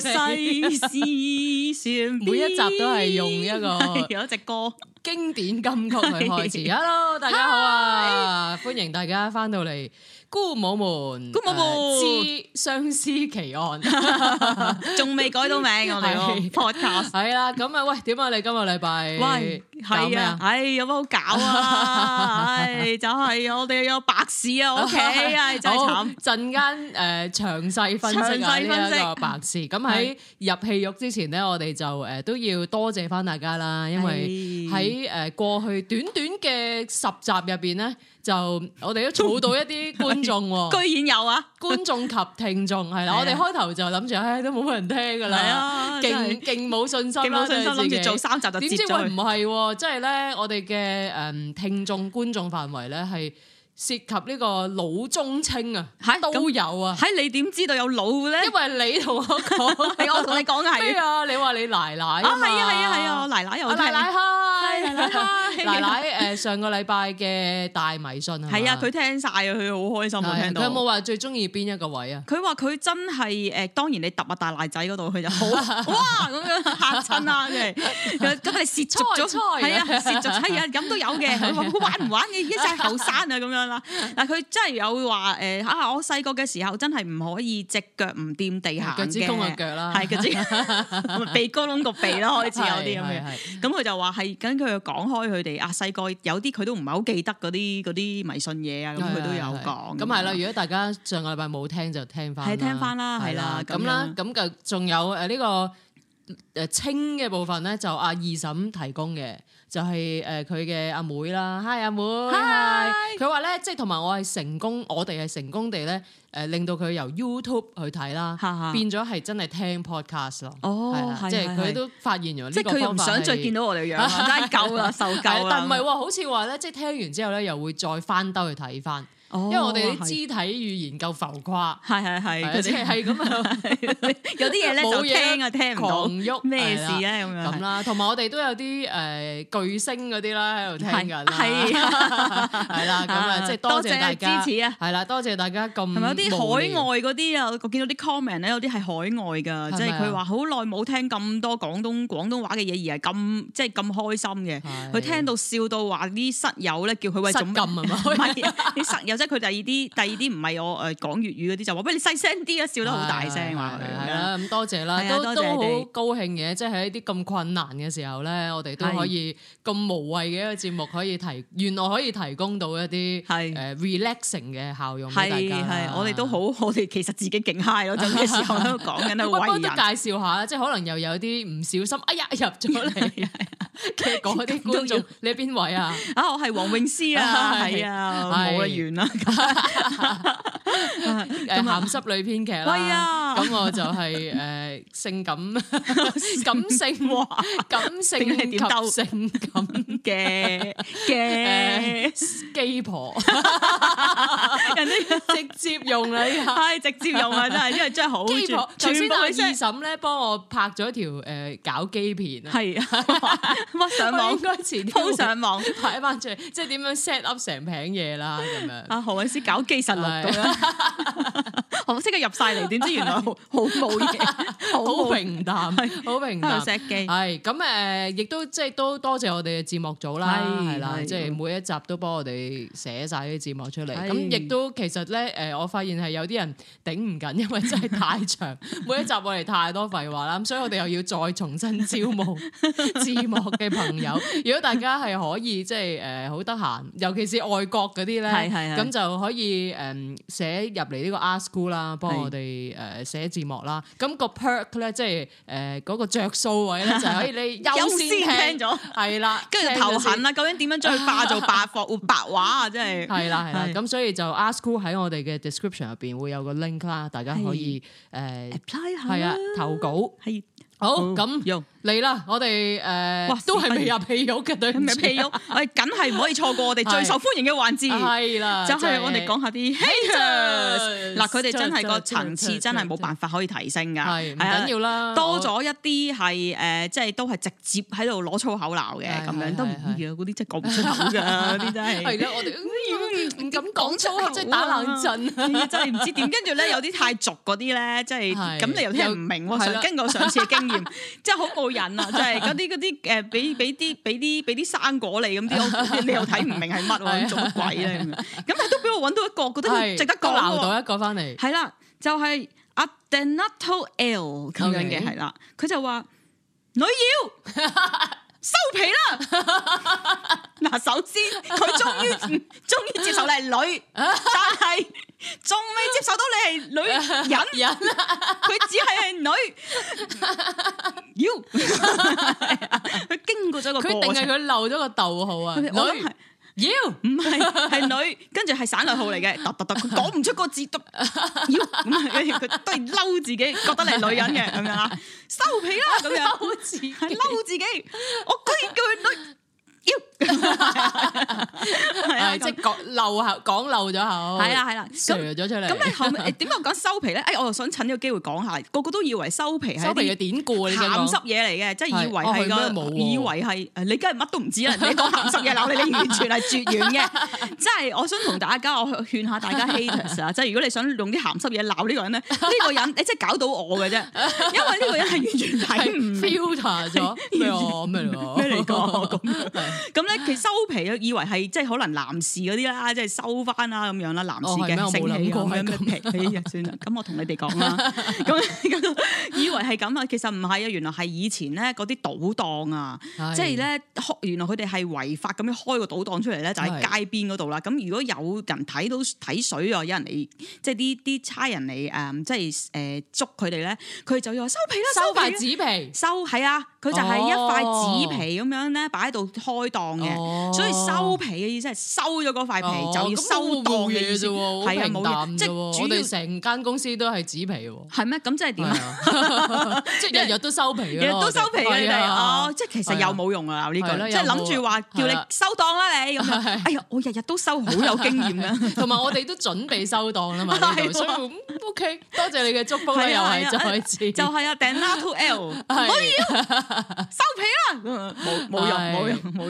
西施善每一集都係用一個有隻歌經典金曲去開始。Hello，大家好啊，Hi. 歡迎大家翻到嚟。姑母們，姑母們知相思奇案，仲未改到名、啊、 我哋。 podcast 係啦，咁啊喂，點解你今日禮拜喂，咩啊？唉，有乜好搞啊？ 唉，就係、是、我哋有白事啊！屋企啊，就慘！陣間誒，詳細分析啊呢白事。咁喺、啊、入戲肉之前呢，我哋就誒、呃、都要多謝翻大家啦，因為喺誒過去短短嘅十集入邊呢。 就我哋都儲到一啲觀眾、哦，居然有啊！觀眾及聽眾係啦，我哋開頭就諗住，唉，都冇乜人聽噶啦，勁勁冇信心啦，諗住做三集就結束，點知會唔係、哦？即係咧，我哋嘅誒聽眾觀眾範圍咧係。涉及呢個老中青啊，都有啊，喺你點知道有老咧？因為你同我講，你我同你講係。咩啊？你話你奶奶啊？係啊係啊係啊！奶奶又奶奶嗨，奶奶奶奶誒，上個禮拜嘅大迷信啊！係啊，佢聽晒啊，佢好開心啊，聽到有冇話最中意邊一個位啊？佢話佢真係誒，當然你揼啊大奶仔嗰度，佢就好哇咁樣嚇親啦嘅，咁係蝕咗，係啊蝕，係啊咁都有嘅。佢話佢玩唔玩嘅，一世後生啊咁樣。啦，嗱，佢真係有話誒啊！我細個嘅時候真係唔可以隻腳唔掂地行嘅，腳趾公個腳啦，係腳趾，鼻哥窿個鼻啦，開始有啲咁嘅。咁佢就話係，跟佢講開佢哋阿細個有啲佢都唔係好記得嗰啲嗰啲迷信嘢啊，咁佢都有講。咁係啦，如果大家上個禮拜冇聽就聽翻，係聽翻啦，係啦。咁啦，咁就仲有誒呢個誒清嘅部分咧，就阿二嬸提供嘅。就係誒佢嘅阿妹啦，Hi 阿妹，佢話咧即係同埋我係成功，我哋係成功地咧誒令到佢由 YouTube 去睇啦，hi hi. 變咗係真係聽 podcast 咯，oh，係啦，即係佢都發現咗呢個變化，唔想再見到我哋樣，攤夠啦，受夠啦，但係唔係喎，好似話咧即係聽完之後咧又會再翻兜去睇翻。因為我哋啲肢體語言夠浮誇，係係係，即係咁啊！有啲嘢咧就聽啊聽唔到，唔喐咩事咧咁樣咁啦？同埋我哋都有啲誒巨星嗰啲啦喺度聽㗎，係係啦，咁啊，即係多謝大家支持啊！係啦，多謝大家咁。係咪有啲海外嗰啲啊？我見到啲 comment 咧，有啲係海外㗎，即係佢話好耐冇聽咁多廣東廣東話嘅嘢，而係咁即係咁開心嘅，佢聽到笑到話啲室友咧叫佢喂做乜啊？唔係啲室友。即係佢第二啲，第二啲唔係我誒講粵語嗰啲就話：喂，你細聲啲啊！笑得好大聲話佢，係啊，咁多謝啦，都都好高興嘅。即係喺啲咁困難嘅時候咧，我哋都可以咁無謂嘅一個節目，可以提原來可以提供到一啲係誒 relaxing 嘅效用。係係，我哋都好，我哋其實自己勁嗨咯，陣嘅時候喺度講緊我幫都介紹下即係可能又有啲唔小心，哎呀入咗嚟，其實嗰啲觀眾你係邊位啊？啊，我係黃詠詩啊，係啊，冇啊，完啦。咸濕女編劇啦，咁我就係誒性感感性感性性感嘅嘅基婆，人哋直接用你，係直接用啊，真係，因為真係好。基婆，頭先阿二嬸咧幫我拍咗條誒搞基片，係啊，乜上網嗰時，鋪上網睇翻出嚟，即係點樣 set up 成瓶嘢啦咁樣。何韻詩搞基神六咁樣，何老師嘅入晒嚟，點知原來好冇嘢，好平淡，好平淡。石記，係咁誒，亦都即係都多謝我哋嘅字幕組啦，係啦，即係每一集都幫我哋寫晒啲字幕出嚟。咁亦都其實咧，誒，我發現係有啲人頂唔緊，因為真係太長，每一集我哋太多廢話啦，咁所以我哋又要再重新招募字幕嘅朋友。如果大家係可以即係誒好得閒，尤其是外國嗰啲咧，咁。就可以誒寫入嚟呢個 ASKGOO 啦，幫我哋誒寫字幕啦。咁個 perk 咧，即係誒嗰個着數位咧就可以你優先聽咗，係 啦，跟住就頭痕啦，究竟點樣將佢化做白話？白話啊，真係係啦係啦。咁所以就 ASKGOO 喺我哋嘅 description 入邊會有個 link 啦，大家可以誒係啊投稿係。好咁用嚟啦，我哋誒，都係未入戲肉嘅。對唔住，戲肉，誒，緊係唔可以錯過我哋最受歡迎嘅環節，係啦，就係我哋講下啲 haters。嗱，佢哋真係個層次真係冇辦法可以提升噶，係，唔緊要啦，多咗一啲係誒，即係都係直接喺度攞粗口鬧嘅咁樣，都唔易，嗰啲真係講唔出口噶，嗰啲真係。係啦，我哋唔敢講粗口，即係打冷震，真係唔知點，跟住咧有啲太俗嗰啲咧，即係咁你又聽唔明喎，上根據上次嘅經。即係好冇癮啊！即係嗰啲嗰啲誒，俾俾啲俾啲俾啲生果你咁啲，你又睇唔明係乜啊？做乜鬼咧咁？咁佢 都俾我揾到一個，覺得值得講。我鬧到一個翻嚟。係 啦，就係阿 d e n a t o L 咁 Okay. 樣嘅係啦，佢就話女妖收皮啦。嗱， 首先佢終於終於接受你係女， 但係。仲未接受到你係女人，佢人只係係女。y 佢 你 經過咗個過，佢定係佢漏咗個逗號啊！女？唔係 y 唔係係女，跟住係省略號嚟嘅，突突突，佢講唔出個字。Yo 唔係，跟住佢都係嬲自己，覺得你係女人嘅咁樣啦，收皮啦咁樣，嬲自己，嬲自己我居然叫佢女。要係啊！即係講漏口，講漏咗口。係啊，係啦，瀡咗出嚟。咁你後屘點解講收皮咧？哎，我又想趁呢個機會講下，個個都以為收皮係啲典故鹹濕嘢嚟嘅，即係以為係個以為係你，梗係乜都唔知啦！你講鹹濕嘢鬧你，你完全係絕緣嘅。即係我想同大家我勸下大家，haters 啊！即係如果你想用啲鹹濕嘢鬧呢個人咧，呢個人你即係搞到我嘅啫，因為呢個人係完全睇唔 filter 咗，咩咩嚟㗎？咁。咁咧，其實收皮啊，以為係即係可能男士嗰啲啦，即係收翻啦咁樣啦，男士嘅性器咁樣嘅皮啊，算啦。咁我同你哋講啦，咁 以為係咁啊，其實唔係啊，原來係以前咧嗰啲賭檔啊，是的 即係咧，原來佢哋係違法咁樣開個賭檔出嚟咧，就喺、是、街邊嗰度啦。咁是的 如果有人睇到睇水啊，有人嚟，即係啲啲差人嚟誒，即係誒捉佢哋咧，佢、嗯就是呃、就要收皮啦，收塊紙皮，收係收皮啊，佢就係一塊紙皮咁樣咧擺喺度開檔嘅，所以收皮嘅意思係收咗嗰塊皮就收檔嘅意思，係啊冇嘢，即係我哋成間公司都係紙皮喎，係咩？咁即係點啊？即係日日都收皮咯，日日都收皮啊！你哦，即係其實又冇用啊！呢句即係諗住話叫你收檔啦，你，哎呀，我日日都收，好有經驗㗎，同埋我哋都準備收檔啦嘛，所以 OK，多謝你嘅祝福啦，又係再次，就係啊，訂 L to L，我要收皮啦，冇冇用冇用冇。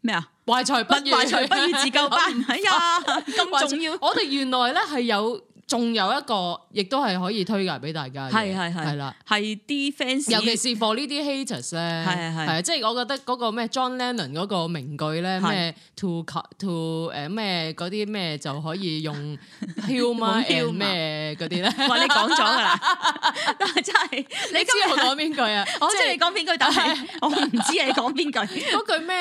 咩啊？懷才不遇，懷才不遇，自救班唔、 哎、呀？咁 重要？ 我哋原來咧係有。仲有一個亦都係可以推介俾大家嘅，係係係啦，係啲 fans，尤其是 for 呢啲 haters 咧，係係，即係我覺得個咩 John Lennon 嗰個名句咧，咩 to cut to 誒咩啲咩就可以用 kill my man 咩啲咧，話你講咗㗎啦，但係真係，你知我講邊句啊？我即係你講邊句？但係我唔知你講邊句，嗰句咩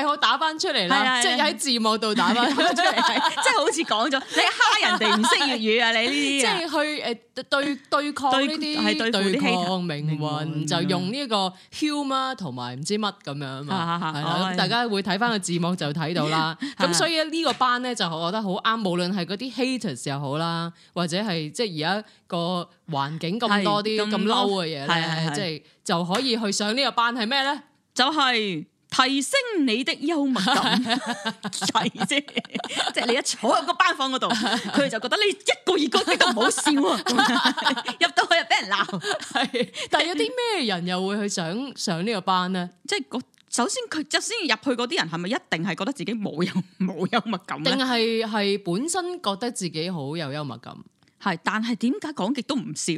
誒誒我打翻出嚟啦，即係喺字幕度打翻出嚟，即係好似講咗，你蝦人哋唔識粵語。即係去誒對對抗呢啲係對抗命運，就用呢個 humor 同埋唔知乜咁樣嘛，咁 大家會睇翻個字幕就睇到啦。咁 的所以呢個班咧就我覺得好啱，無論係嗰啲 haters 又好啦，或者係即係而家個環境咁多啲咁 low 嘅嘢咧，即係的就可以去上呢個班呢，係咩咧？就係、是。提升你的幽默感，係啫，即係你一坐喺個班房嗰度，佢就覺得你一個二個都唔好笑，入到去又俾人鬧。係，但係有啲咩人又會去想上呢個班咧？即係嗰首先佢首先入去嗰啲人係咪一定係覺得自己冇有冇幽默感咧？定係係本身覺得自己好有幽默感？係，但係點解講極都唔笑？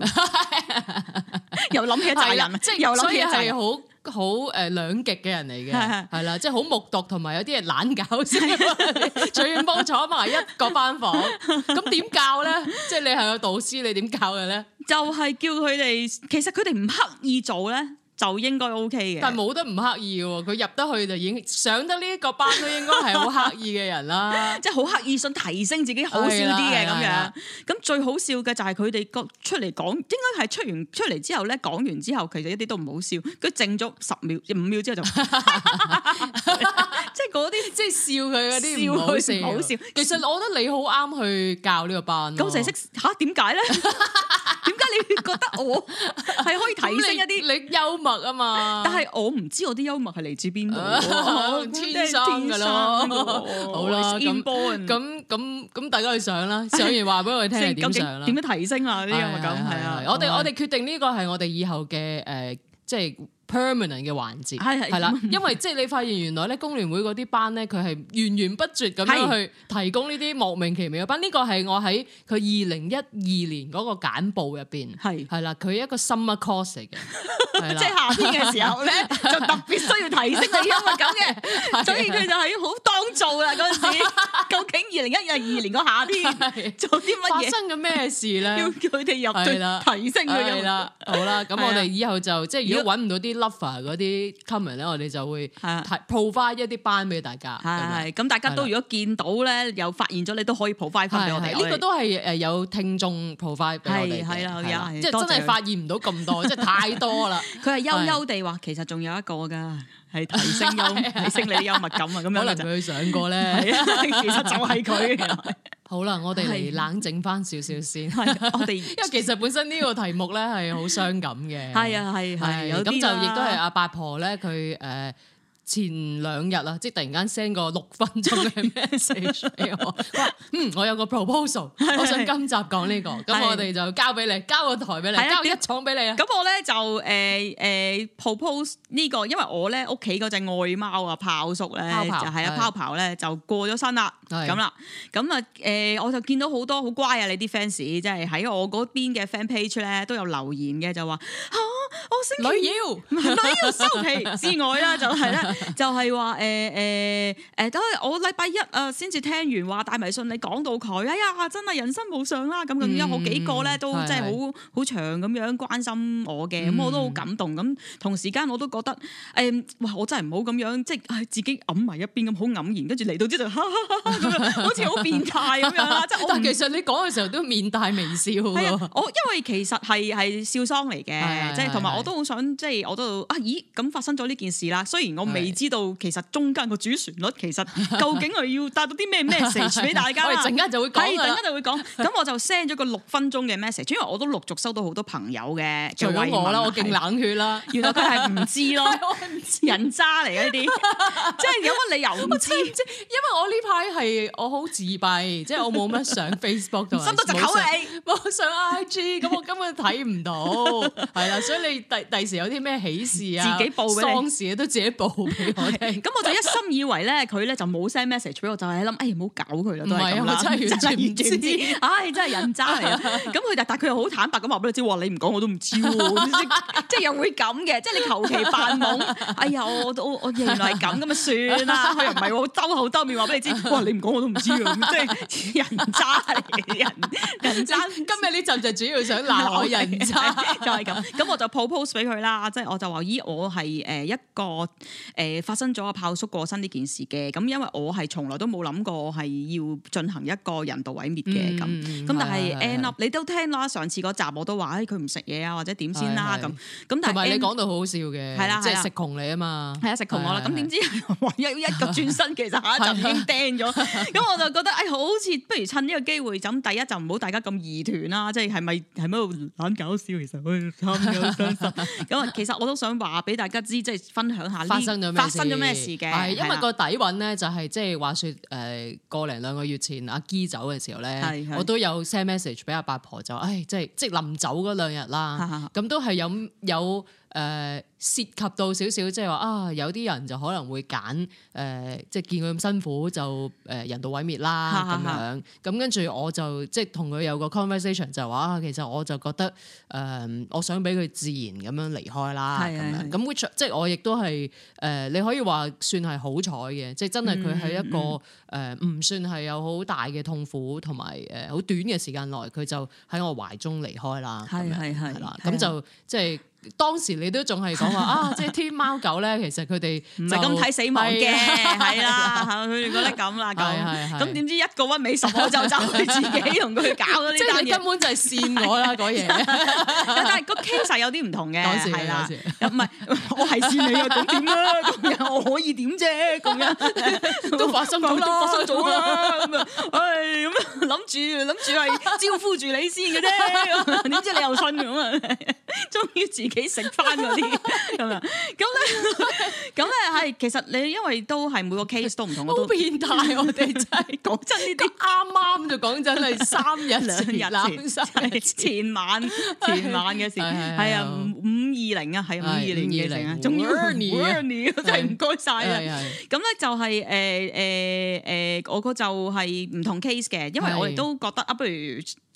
又諗起責任，即係又諗起責任好。好誒，呃、兩極嘅人嚟嘅，係啦的，即係好目導同埋有啲人懶搞師，冚唪唥坐埋一,一個班房，咁點 教咧？即係你係個導師，你點教嘅咧？就係叫佢哋，其實佢哋唔刻意做咧。就應該 O K 嘅，但係冇得唔刻意喎。哦，佢入得去就已經上得呢一個班都應該係好刻意嘅人啦， 即係好刻意想提升自己好笑啲嘅咁樣，咁最好笑嘅就係佢哋講出嚟講，應該係出完出嚟之後咧，講完之後其實一啲都唔好笑，佢剩咗十秒，五秒之後就。 即係嗰啲，即係笑佢嗰啲笑佢 他，笑，唔好笑。其實我覺得你好啱去教呢個班，啊啊。咁成識吓？點解咧？點解你會覺得我係可以提升一啲？ 你幽默啊嘛？但係我唔知我啲幽默係嚟自邊度，啊，我天生噶咯。好啦，咁咁咁大家去上啦，上完話俾我哋聽係點點樣提升下啲幽默感係啊？我哋我哋決定呢個係我哋以後嘅誒，即、呃、係。就是 permanent 嘅環節係啦，的的因為即係你發現原來咧工聯會嗰啲班咧，佢係源源不絕咁樣去提供呢啲莫名其妙嘅班。呢的個係我喺佢二零一二年嗰個簡報入邊係係啦，佢的一個 summer course 嚟嘅， 即係夏天嘅時候咧，就特別需要提升你音樂感咁嘅， 的所以佢就係好當造啦嗰陣時。究竟二零一二年個夏天做啲乜嘢發生咗咩事咧？ 要佢哋入去啦，提升佢入。係啦，好啦，咁我哋以後就即係如果揾唔如果 到啲。lover 嗰啲 comment 咧，我哋就會 provide 一啲班俾大家。係，咁大家都如果見到咧，有發現咗，你都可以 provide 翻俾我哋。呢個都係誒有聽眾 provide 俾我哋。係，係啦，係啦，即係真係發現唔到咁多，即係太多啦。佢係幽幽地話：其實仲有一個㗎。係提升幽 提升你啲幽默感啊！咁 可能佢去上過咧， 其實就係佢嘅。 好啦，我哋嚟冷靜翻少少先。係我哋， 因為其實本身呢個題目咧係好傷感嘅。係啊係係，咁就亦都係阿八婆咧，佢誒。呃前兩日啦，即係突然間 send 個六分鐘嘅 message 俾我， 嗯，我有個 proposal，我想今集講呢、這個，咁的我哋就交俾你，交個台俾你，的交一廠俾你。咁我咧就誒誒、呃呃、propose 呢、這個，因為我咧屋企嗰隻愛貓豹豹豹啊，豹叔咧就係啊，豹豹咧就過咗身啦，咁啦的，咁啊誒，我就見到好多好乖啊，你啲 fans 即係喺我嗰邊嘅 fan page 咧都有留言嘅，就話。我星期二，二收皮之外啦，就係咧，就係話誒誒誒，都我禮拜一啊先至聽完話帶埋信你講到佢，哎呀真係人生無常啦咁咁，一好幾個咧都即係好好長咁樣關心我嘅，咁、嗯、我都好感動，咁同時間我都覺得誒，哇、欸、我真係唔好咁樣，即係自己揞埋一邊咁好黯然，跟住嚟到之後，好似好變態咁樣，即係。但係其實你講嘅時候都面帶微笑，我 對因為其實係係笑喪嚟嘅，即係。同埋我，我都好想即係我都啊咦咁發生咗呢件事啦，雖然我未知道其實中間個主旋律其實究竟係要帶到啲咩咩事出俾大家啦。 我哋陣間就會講啦，係陣間就會講。咁 我就 send 咗個六分鐘嘅 message，因為我都陸續收到好多朋友嘅為我啦，我勁冷血啦。原來佢係唔知咯， 人渣嚟呢啲， 即係有乜理由唔知？即係因為我呢排係我好自閉，即係我冇乜上 Facebook 心同你，冇上 IG，咁我根本睇唔到。係啦， 所以。即係第第時有啲咩喜事啊，自己報嘅喪事都自己報俾我聽。咁我就一心以為咧，佢咧就冇 send message 俾我，就係諗，哎唔好搞佢啦，都係咁啦，真係完全唔知，哎真係人渣嚟啊！咁佢但但佢又好坦白咁話俾你知，話你唔講我都唔知喎，即係又會咁嘅，即係你求其扮懵。哎呀，我我我原來係咁，咁啊算啦，又唔係我兜口兜面話俾你知，哇你唔講我都唔知啊，即係人渣嚟，人人渣。今日呢陣就主要想鬧下人渣，就係咁。咁我就。好 pose 俾佢啦，即係我就話咦，我係誒一個誒發生咗阿炮叔過身呢件事嘅，咁因為我係從來都冇諗過我係要進行一個人道毀滅嘅咁，咁但係 end up 你都聽啦，上次嗰集我都話誒佢唔食嘢啊或者點先啦咁，咁但係你講到好好笑嘅，係啦即係食窮你啊嘛，係啊食窮我啦，咁點知一一個轉身其實下一集已經 d 咗，咁我就覺得誒好似不如趁呢個機會，咁第一集唔好大家咁異團啦，即係係咪係咪好難搞笑，其實咁啊， 其實我都想話俾大家知，即、就、係、是、分享下發生咗咩事。發生咗咩事嘅？係因為個底蘊咧、就是，就係即係話説誒，個零兩個月前阿基走嘅時候咧，是是我都有 send message 俾阿八婆，就誒，即係即係臨走嗰兩日啦，咁是都係有有。有誒涉及到少少，即係話啊，有啲人就可能會揀誒，即係見佢咁辛苦，就誒人道毀滅啦咁樣。咁跟住我就即係同佢有個 conversation，就話啊，其實我就覺得誒，我想俾佢自然咁樣離開啦，咁樣。咁即係我亦都係誒，你可以話算係好彩嘅，即係真係佢係一個誒，唔算係有好大嘅痛苦，同埋誒好短嘅時間內，佢就喺我懷中離開啦。係係係啦，咁就即係。當時你都仲係講話啊，即係天貓狗咧，其實佢哋就咁睇死亡嘅，係啦，佢哋覺得咁啦，咁咁點知一個屈尾十我就走去自己同佢搞咗呢單嘢，即係根本就係騙我啦嗰嘢，但係個 case 有啲唔同嘅，係啦，唔係我係騙你又點啊？咁樣我可以點啫？咁樣都發生咗啦，發生咗啦，咁啊，唉，諗住諗住係招呼住你先嘅啫，點知你又信咁啊？終於自幾食翻嗰啲咁啊？咁咧，咁咧係，其實你因為都係每個 case 都唔同，好變態！我哋真係講真，呢啲啱啱就講真係三日兩日啦，前晚前晚嘅事。係啊，五二零啊，係五二零二零啊，仲 warmie w 真係唔該晒啊！咁咧就係誒誒誒，我個就係唔同 case 嘅，因為我哋都覺得啊，不如。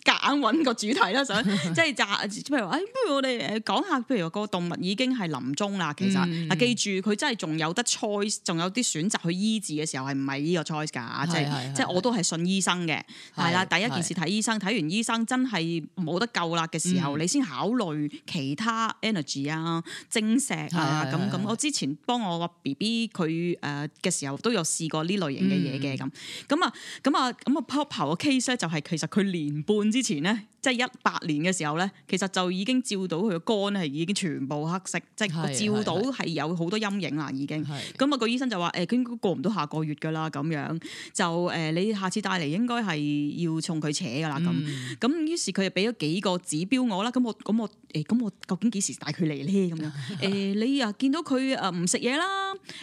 夾硬揾個主題啦，想即係譬如話誒，不如我哋誒講下，譬如個動物已經係臨終啦。其實嗱，記住佢真係仲有得 choice，仲有啲選擇去醫治嘅時候，係唔係呢個 choice 㗎？即係即係我都係信醫生嘅，係啦。第一件事睇醫生，睇完醫生真係冇得救啦嘅時候，你先考慮其他 energy 啊、晶石啊咁咁。我之前幫我個 BB 佢誒嘅時候都有試過呢類型嘅嘢嘅咁。咁啊咁啊咁啊 popular 嘅 case 咧，就係其實佢連半。之前咧，即係一八年嘅時候咧，其實就已經照到佢嘅肝係已經全部黑色，是的 即係照到係有好多陰影啦。已經咁啊，是的 個醫生就話：誒、欸，佢應該過唔到下個月㗎啦。咁樣就誒、欸，你下次帶嚟應該係要從佢扯㗎啦。咁咁、嗯、於是佢就俾咗幾個指標我啦。咁我咁我誒咁我，、欸、我究竟幾時帶佢嚟咧？咁樣誒、欸，你又、啊、見到佢誒唔食嘢啦，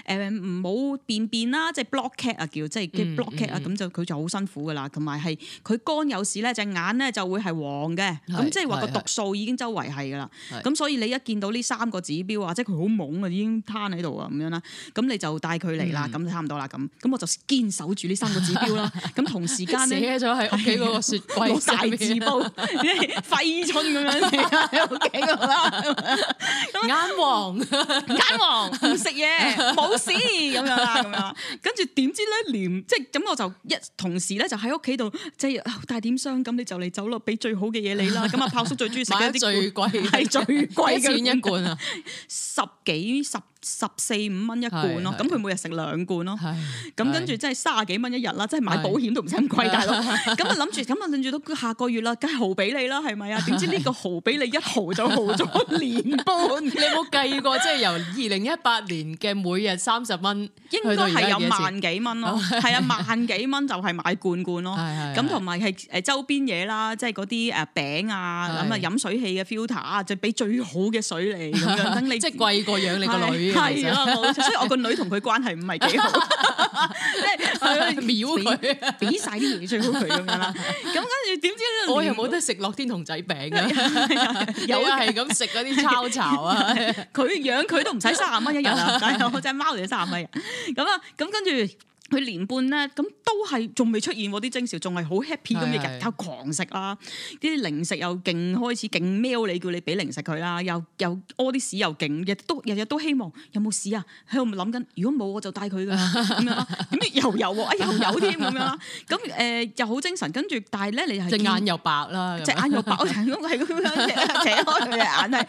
誒唔好便便啦，即、就、係、是、blockade 啊叫，即係 blockade 啊，咁就佢、是嗯嗯、就好辛苦㗎啦。同埋係佢肝有事咧，隻眼。咧就會係黃嘅，咁即係話個毒素已經周圍係噶啦，咁所以你一見到呢三個指標啊，即係佢好懵啊，已經攤喺度啊咁樣啦，咁你就帶佢嚟啦，咁就差唔多啦咁，咁我就堅守住呢三個指標啦，咁同時間寫咗喺屋企嗰個雪櫃大字煲，廢燐咁樣喺屋企啦，眼黃眼黃唔食嘢冇事咁樣啦，咁樣跟住點知咧連，即係咁我就一同時咧就喺屋企度即係帶點傷，咁你就走嘞，俾最好嘅嘢你啦，咁阿豹叔最中意食嘅一啲最貴係最貴嘅， 一錢一罐啊， 十幾十。十四五蚊一罐咯，咁佢每日食兩罐咯，咁跟住即係卅幾蚊一日啦，即係買保險都唔使咁貴，大佬。咁啊諗住，咁啊諗住都下個月啦，梗係豪俾你啦，係咪啊？點知呢個豪俾你一毫就豪咗年半？你有冇計過？即係由二零一八年嘅每日三十蚊，應該係有萬幾蚊咯。係啊，萬幾蚊就係買罐罐咯。咁同埋係誒周邊嘢啦，即係嗰啲誒餅啊，咁啊飲水器嘅 filter 啊，就俾最好嘅水嚟咁樣等你。即係貴過養你個女。係啦，冇錯，所以我個女同佢關係唔係幾好，即係秒佢，俾晒啲嘢最好佢咁樣啦。咁跟住點知我又冇得食樂天童仔餅噶，又係咁食嗰啲抄炒啊 佢養佢！佢養佢都唔使卅蚊一日啊，我隻貓都三十蚊咁啊，咁跟住。佢年半咧，咁都係仲未出現喎啲徵兆，仲係好 happy 咁嘅日頭狂食啦，啲零食又勁開始勁喵你，叫你俾零食佢啦，又又屙啲屎又勁，日都日日都希望有冇屎啊？喺度諗緊，如果冇我就帶佢噶啦咁樣啦，咁又有喎，哎呀有添咁樣啦，咁誒又好精神，跟住但係咧你係隻眼又白啦，隻眼又白成咁，係咁樣扯開佢隻眼睇，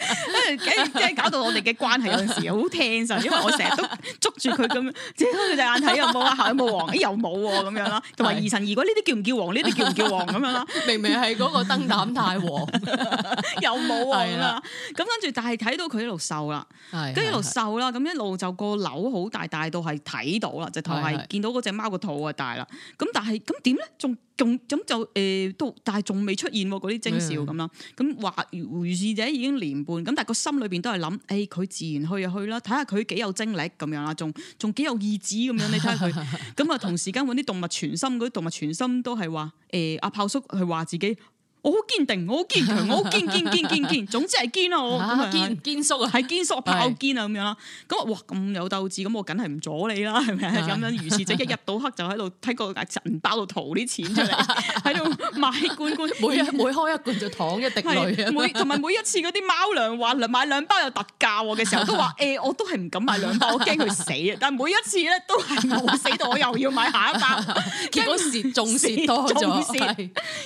跟住即係搞到我哋嘅關係有陣時好 tense，因為我成日都捉住佢咁扯開佢隻眼睇有冇啊。 有冇、啊、黃？咦，又冇喎，咁樣啦。同埋疑神疑鬼呢啲叫唔叫黃？呢啲叫唔叫黃咁樣啦？明明係嗰個燈膽太黃， 又冇喎咁啦。咁跟住，但係睇到佢一路瘦啦，係跟住一路瘦啦，咁一路就個瘤好大，大到係睇到啦，直頭係見到嗰隻貓個肚啊大啦。咁但係咁點咧？仲咁咁就誒都，呃，但係仲未出現喎嗰啲徵兆，咁啦。咁話的如是者已經年半，咁但係個心裏邊都係諗，誒、欸、佢自然去啊去啦，睇下佢幾有精力咁樣啦，仲仲幾有意志咁樣，你睇下佢。咁啊 同時間揾啲動物傳心，嗰啲動物傳心都係話，誒、欸、阿豹叔係話自己。我好堅定，我好堅強，我好堅堅堅堅堅，總之係堅啊！我堅堅叔啊，係堅叔炮堅啊咁樣啦。咁啊，哇咁有鬥志，咁我梗係唔阻你啦，係咪啊？咁樣如是者，即係一日到黑就喺度喺個銀包度淘啲錢出嚟，喺度買罐罐，每每開一罐就躺一滴淚。每同埋每一次嗰啲貓糧話買兩包有特價嘅時候，都話誒，我都係唔敢買兩包，我驚佢死啊！但係每一次咧都係冇死到我又要買下一包，結果蝕重蝕多咗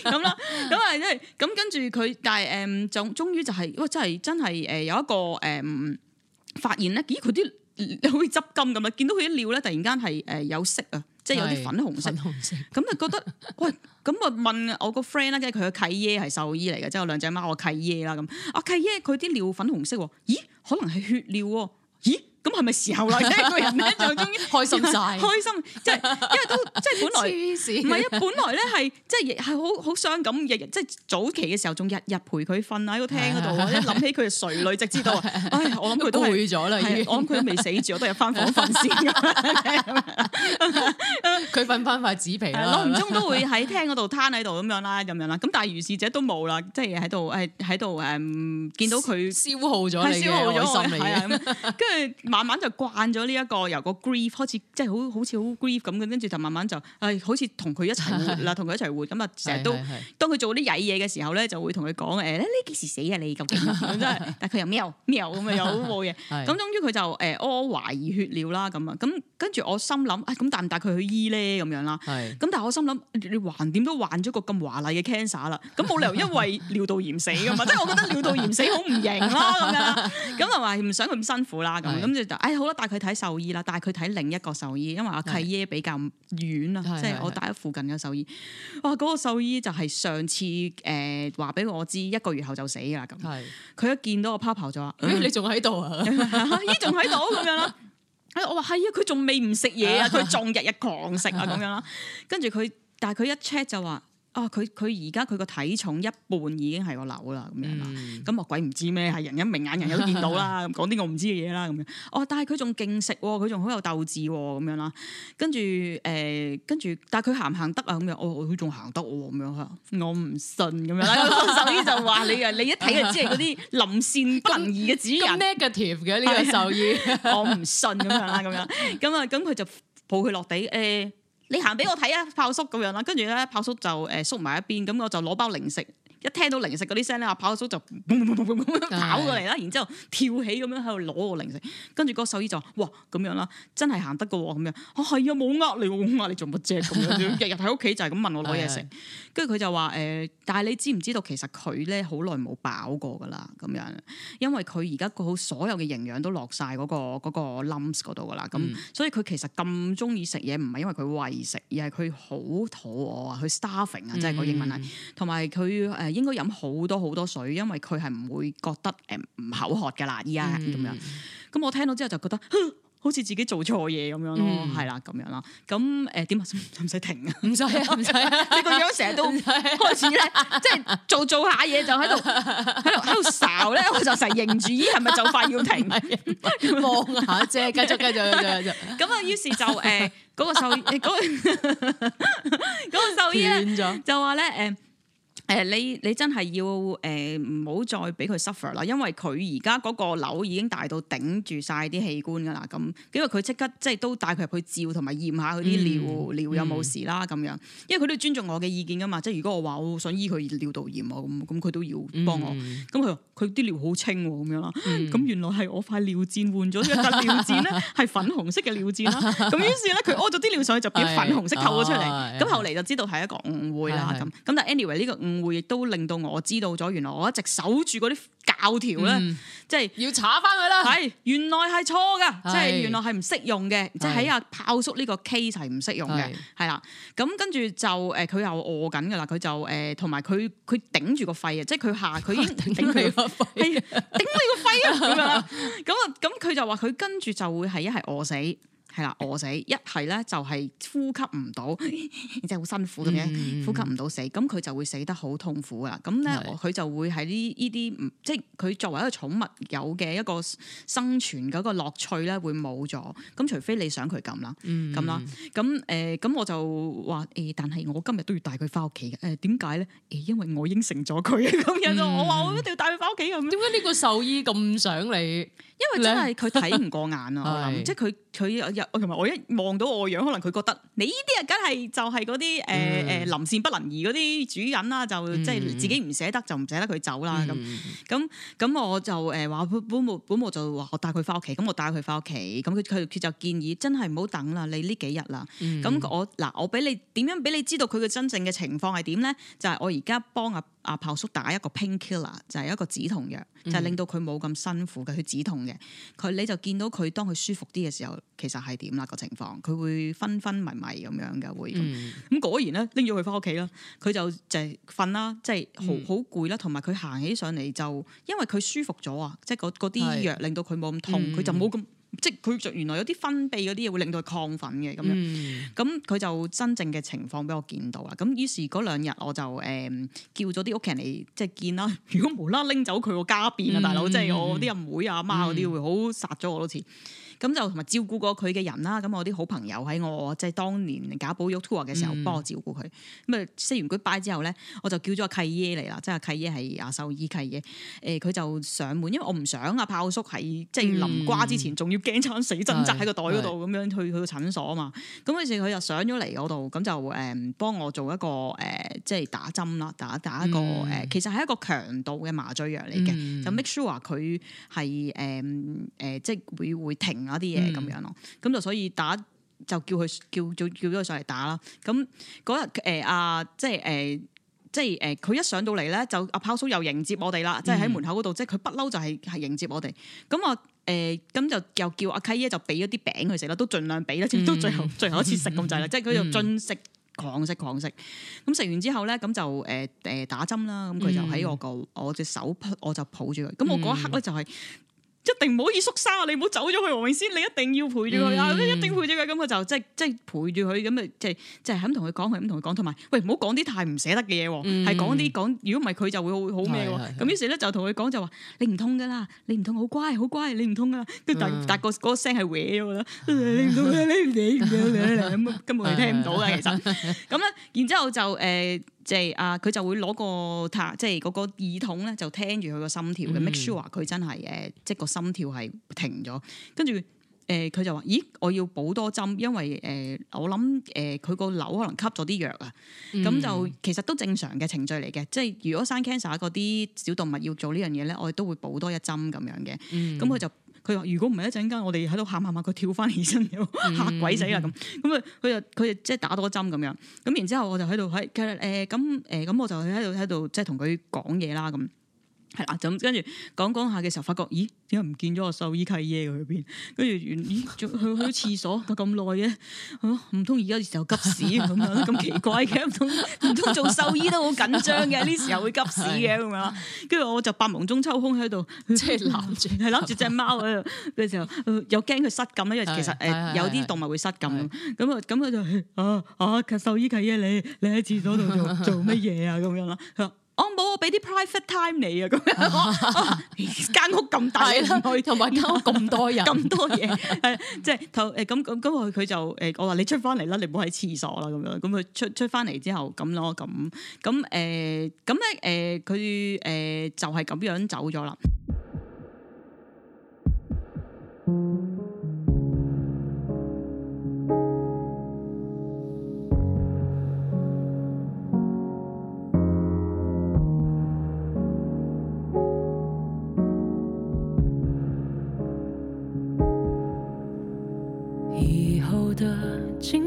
咁啦，咁啊～即咁、嗯、跟住佢，但係誒，總、嗯、終於就係、是，哇！真係、呃、真係誒，有一個誒發現咧，咦、呃？佢啲好似執金咁啊！見到佢啲尿咧，突然間係誒有色啊，即係有啲粉紅色。粉紅色咁啊，覺得喂，咁、嗯、啊、嗯、問我個 friend 啦，即係佢嘅契爺係獸醫嚟嘅，即係有兩隻貓個契爺啦，咁阿契爺佢啲尿粉紅色，咦？可能係血尿喎？咦？咁係咪時候嚟？即係個人名就終於開心晒。開心即係因為都即係本來黐線，唔係啊！本來咧係即係係好好傷感嘅，即係早期嘅時候仲日日陪佢瞓喺個廳嗰度啊！一諗起佢啊，垂淚直知道唉，我諗佢都攰咗啦，已經，我諗佢都未死住，我都係入翻房瞓先。佢瞓翻塊紙皮啦，間唔中都會喺廳嗰度攤喺度咁樣啦，咁樣啦。咁但係如是者都冇啦，即係喺度誒，喺度誒，見到佢消耗咗消耗咗我嘅跟住。慢慢就慣咗呢、這個、一個由個 grief 開始，即係好好似好 grief 咁跟住就慢慢就、哎、好似同佢一齊活啦，同佢 一齊活咁啊，成日都當佢做啲曳嘢嘅時候咧，就會同佢講誒，咧呢幾時死啊你究竟？真係、 呃哎，但佢又喵喵咁啊，又冇嘢。咁終於佢就誒，屙懷疑血尿啦咁啊，咁跟住我心諗，咁帶唔帶佢去醫咧咁樣啦？咁但係我心諗，你橫掂都患咗個咁華麗嘅 cancer 啦，咁冇理由因為尿道炎死㗎嘛？即係 我覺得尿道炎死好唔型啦咁樣，咁同埋唔想佢咁辛苦啦咁。 哎，好啦，帶佢睇獸醫啦，但係佢睇另一個獸醫，因為阿契爺比較遠啦，是即係我帶咗附近嘅獸醫。哇，嗰、那個獸醫就係上次誒話俾我知一個月後就死噶啦咁。係是，佢一見到我豹豹就話，咦？你仲喺度啊？姨仲喺度咁樣啦。哎，我話係啊，佢仲未唔食嘢啊，佢仲日日狂食啊咁樣啦。跟住佢，但係佢一 check 就話。啊！佢佢而家佢個體重一半已經係個瘤啦咁、嗯、樣，咁我鬼唔知咩，係人一明眼人有都見到啦。咁呵講啲我唔知嘅嘢啦咁樣。喔、哦，但係佢仲勁食，佢仲好有鬥志咁、哦、樣啦。跟住誒、欸，跟住但係佢行唔行得啊？咁樣，哦、喔，佢仲行得喎、啊、咁樣嚇，我唔信咁樣啦。個獸醫就話你啊，你一睇就知係嗰啲臨線近義嘅主人呵呵。negative 嘅呢個獸醫， 呵呵呵我唔信咁樣啦，咁樣咁啊，咁佢 就抱佢落地誒。你行俾我睇啊，豹叔咁樣啦，跟住咧，豹叔就誒縮埋一邊，咁我就攞包零食。一聽到零食嗰啲聲咧，我豹叔就砰砰跑過嚟啦，然之後跳起咁樣喺度攞個零食。跟住個獸醫就話：哇，咁樣啦，真係行得過喎，咁樣啊，係啊，冇呃你，冇呃你做乜啫？咁樣日日喺屋企就係咁問我攞嘢食。 跟住佢就話誒、呃，但係你知唔知道其實佢咧好耐冇飽過噶啦，咁樣，因為佢而家佢好所有嘅營養都落晒嗰個嗰、嗰個 lumps 嗰度噶啦，咁、嗯嗯、所以佢其實咁中意食嘢，唔係因為佢餵食，而係佢好肚餓啊，佢 starving 啊，即係個英文係，同埋佢誒應該飲好多好多水，因為佢係唔會覺得誒唔、呃、口渴噶啦，依家咁樣。咁我聽到之後就覺得，好似自己做錯嘢咁樣咯，係啦咁樣啦。咁誒點啊？唔使停啊！唔使唔使，你個 樣成日都開始咧，用即係做做下嘢就喺度喺度喺度咧，我就成認住依係咪就快要停望下！即係繼續繼續繼續繼續。咁啊， 於是就誒嗰、呃嗰個獸醫嗰個嗰 個獸醫咧，了就話咧誒。呃誒、呃，你你真係要誒，唔、呃、好再俾佢 suffer 啦，因為佢而家嗰個瘤已經大到頂住晒啲器官噶啦，咁，因為佢即刻即係都帶佢入去照同埋驗下佢啲尿尿有冇事啦，咁樣，因為佢都、嗯、都尊重我嘅意見噶嘛，即係如果我話我想醫佢尿道炎，咁咁佢都要幫我，咁佢、嗯。佢啲尿好清喎，咁樣啦，咁原來係我塊尿墊換咗呢個尿墊咧，係粉紅色嘅尿墊啦，咁 於是咧佢屙咗啲尿上去就變粉紅色透咗出嚟，咁後嚟就知道係一個誤會啦，咁，咁但 anyway 呢個誤會亦都令到我知道咗，原來我一直守住嗰啲教條咧，即係要查翻佢啦，係原來係錯噶，即係原來係唔適用嘅，即係喺阿豹叔呢個 case 係唔適用嘅，係啦，咁跟住就誒佢又餓緊噶啦，佢就誒同埋佢佢頂住個肺啊，即係佢下佢已經頂佢。 係頂你個肺啊！咁啊，咁佢就話佢跟住就會係一係餓死。係啦，餓死，一係咧，就係呼吸唔到， 即係好辛苦咁樣，嗯、呼吸唔到死，咁佢就會死得好痛苦啦。咁咧，佢是就會喺呢呢啲，即係佢作為一個寵物有嘅一個生存嗰個樂趣咧，會冇咗。咁除非你想佢咁啦，咁啦、嗯，咁誒，咁、呃、我就話誒、欸，但係我今日都要帶佢翻屋企嘅。誒、呃，點解咧？誒、欸，因為我應承咗佢咁樣咯。嗯、我話我一定要帶佢翻屋企咁。點解呢個獸醫咁想你？ 因為真係佢睇唔過眼啊，我諗即係佢佢又同埋我一望到我樣，可能佢覺得你呢啲啊，梗係就係嗰啲誒誒臨線不能移嗰啲主人啦，嗯嗯就即係自己唔捨得，就唔捨得佢走啦咁咁咁，嗯嗯我就誒話本本務本務就話我帶佢翻屋企，咁我帶佢翻屋企，咁佢佢就建議真係唔好等嗯嗯啦，你呢幾日啦，咁我嗱我俾你點樣俾你知道佢嘅真正嘅情況係點咧？就係、是、我而家幫阿。阿豹、啊、叔打一個 painkiller 就係一個止痛藥，就是、令到佢冇咁辛苦嘅，佢止痛嘅。佢你就見到佢當佢舒服啲嘅時候，其實係點啦個情況，佢會昏昏迷迷咁樣嘅會。咁、嗯、果然咧，拎咗佢翻屋企啦，佢就就係瞓啦，即係好好攰啦，同埋佢行起上嚟就，因為佢舒服咗啊，即係嗰啲藥令到佢冇咁痛，佢、嗯、就冇咁。即係佢就原來有啲分泌嗰啲嘢會令到佢亢奮嘅咁樣，咁佢就真正嘅情況俾我見到啦。咁於是嗰兩日我就誒、呃、叫咗啲屋企人嚟即係見啦。如果無啦拎走佢個家變啊，嗯、大佬，即、就、係、是、我啲阿妹阿媽嗰啲會好殺咗我多次。咁就同埋照顧過佢嘅人啦，咁我啲好朋友喺我即係、就是、當年賈寶玉 tour 嘅時候、嗯、幫我照顧佢。咁啊，講完 goodbye 之後咧，我就叫咗阿契爺嚟啦，即係契爺係阿獸醫契爺。誒、呃，佢就上門，因為我唔想啊，豹叔喺即係臨瓜之前仲、嗯、要驚慘死，掙扎喺個袋嗰度咁樣去去到診所啊嘛。咁於是佢就上咗嚟我度，咁就誒、嗯、幫我做一個誒、呃，即係打針啦，打打一個誒，嗯、其實係一個強度嘅麻醉藥嚟嘅，就 make sure 佢係誒誒，即係會會停。打啲嘢咁樣咯，咁就所以打就叫佢叫叫叫咗佢上嚟打啦。咁嗰日誒阿即係誒、呃、即係誒，佢、呃呃、一上到嚟咧就阿豹叔又迎接我哋啦、嗯，即係喺門口嗰度，即係佢不嬲就係係迎接我哋。咁、嗯、我誒咁、呃、就又叫阿契姨，就俾咗啲餅佢食啦，都盡量俾啦，都最後、嗯、最後一次食咁滯啦，即係佢就進食狂食狂食。咁食完之後咧，咁就誒誒打針啦。咁佢就喺我個我隻手，我就抱住佢。咁我嗰一刻咧就係、是哈哈。一定唔可以縮沙啊！你唔好走咗去黃詠詩，你一定要陪住佢啊！一定陪住佢，咁佢就即係即係陪住佢，咁咪即係即係咁同佢講，佢咁同佢講，同埋喂唔好講啲太唔捨得嘅嘢喎，係講啲講，如果唔係佢就會好好咩喎，咁於是咧就同佢講就話你唔痛噶啦，你唔痛好乖好乖，你唔痛噶啦，跟住但但個嗰聲係歪咗啦，你唔痛你唔痛你唔痛，咁啊根本你聽唔到噶，其實咁咧，然之後就誒。即係啊，佢就會攞個塔，即係嗰個耳筒咧，就聽住佢個心跳嘅，make sure 佢真係誒，即係個心跳係停咗。跟住誒，佢、呃、就話：咦，我要補多針，因為誒、呃，我諗誒，佢、呃、個瘤可能吸咗啲藥啊。咁、嗯、就其實都正常嘅程序嚟嘅。即係如果生 cancer 嗰啲小動物要做呢樣嘢咧，我哋都會補多一針咁樣嘅。咁佢、嗯、就。佢話：如果唔係一陣間，我哋喺度喊喊下，佢跳翻起身，又嚇鬼死啦咁。咁啊，佢就佢就即係打多針咁樣。咁然之後，我就喺度喺，誒咁誒咁，欸欸、我就喺度喺度即係同佢講嘢啦咁。係啦，就跟住講講下嘅時候，發覺咦，點解唔見咗個獸醫契爺佢去邊？There, 跟住原咦，去去廁所咁耐嘅，唔通而家時候急屎咁樣？咁奇怪嘅，唔通唔通做獸醫都好緊張嘅，呢時候會急屎嘅咁樣。跟住 我就百忙中抽空喺度即係攬住，係攬住隻貓喺度。跟住就又驚佢失禁因為其實誒有啲動物會失禁咁咁佢就啊啊獸醫契爺你，你喺廁所度做做乜嘢啊？咁樣啦，我冇，我俾啲 private time 你啊，咁樣間屋咁大，同埋間屋咁多人、咁多嘢，誒，即係誒，咁咁咁佢佢就誒，我話你出翻嚟啦，你唔好喺廁所啦，咁樣，咁佢出出翻嚟之後咁咯，咁咁誒，咁咧誒，佢誒就係咁樣走咗啦。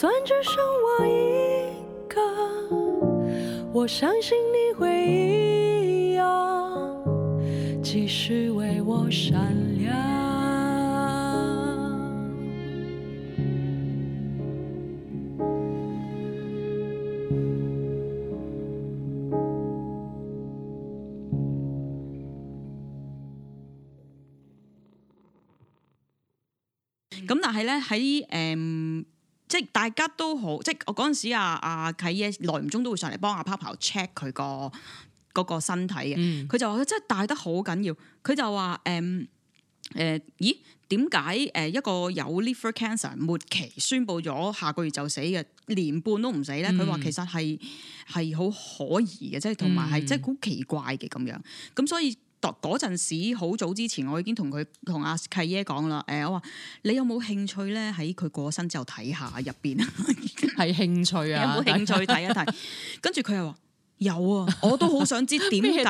就算只剩我一個，我相信你會一樣，繼續為我閃亮。咁但係呢，喺即係大家都好，即係我嗰陣時啊阿契、啊、爺，耐唔中都會上嚟幫阿、啊、豹 check 佢個嗰身體嘅。佢、嗯、就話：真係戴得好緊要。佢就話：誒、嗯、誒、呃，咦？點解誒一個有 liver cancer 末期，宣佈咗下個月就死嘅，年半都唔死咧？佢話、嗯、其實係係好可疑嘅，即係同埋係即係好奇怪嘅咁樣。咁所以。嗰陣時好早之前，我已經同佢同阿契爺講啦。誒，我話你有冇興趣咧？喺佢過身之後睇下入邊，係 興趣啊！ 有冇興趣睇一睇？ 跟住佢又話 有啊，我都好想知點解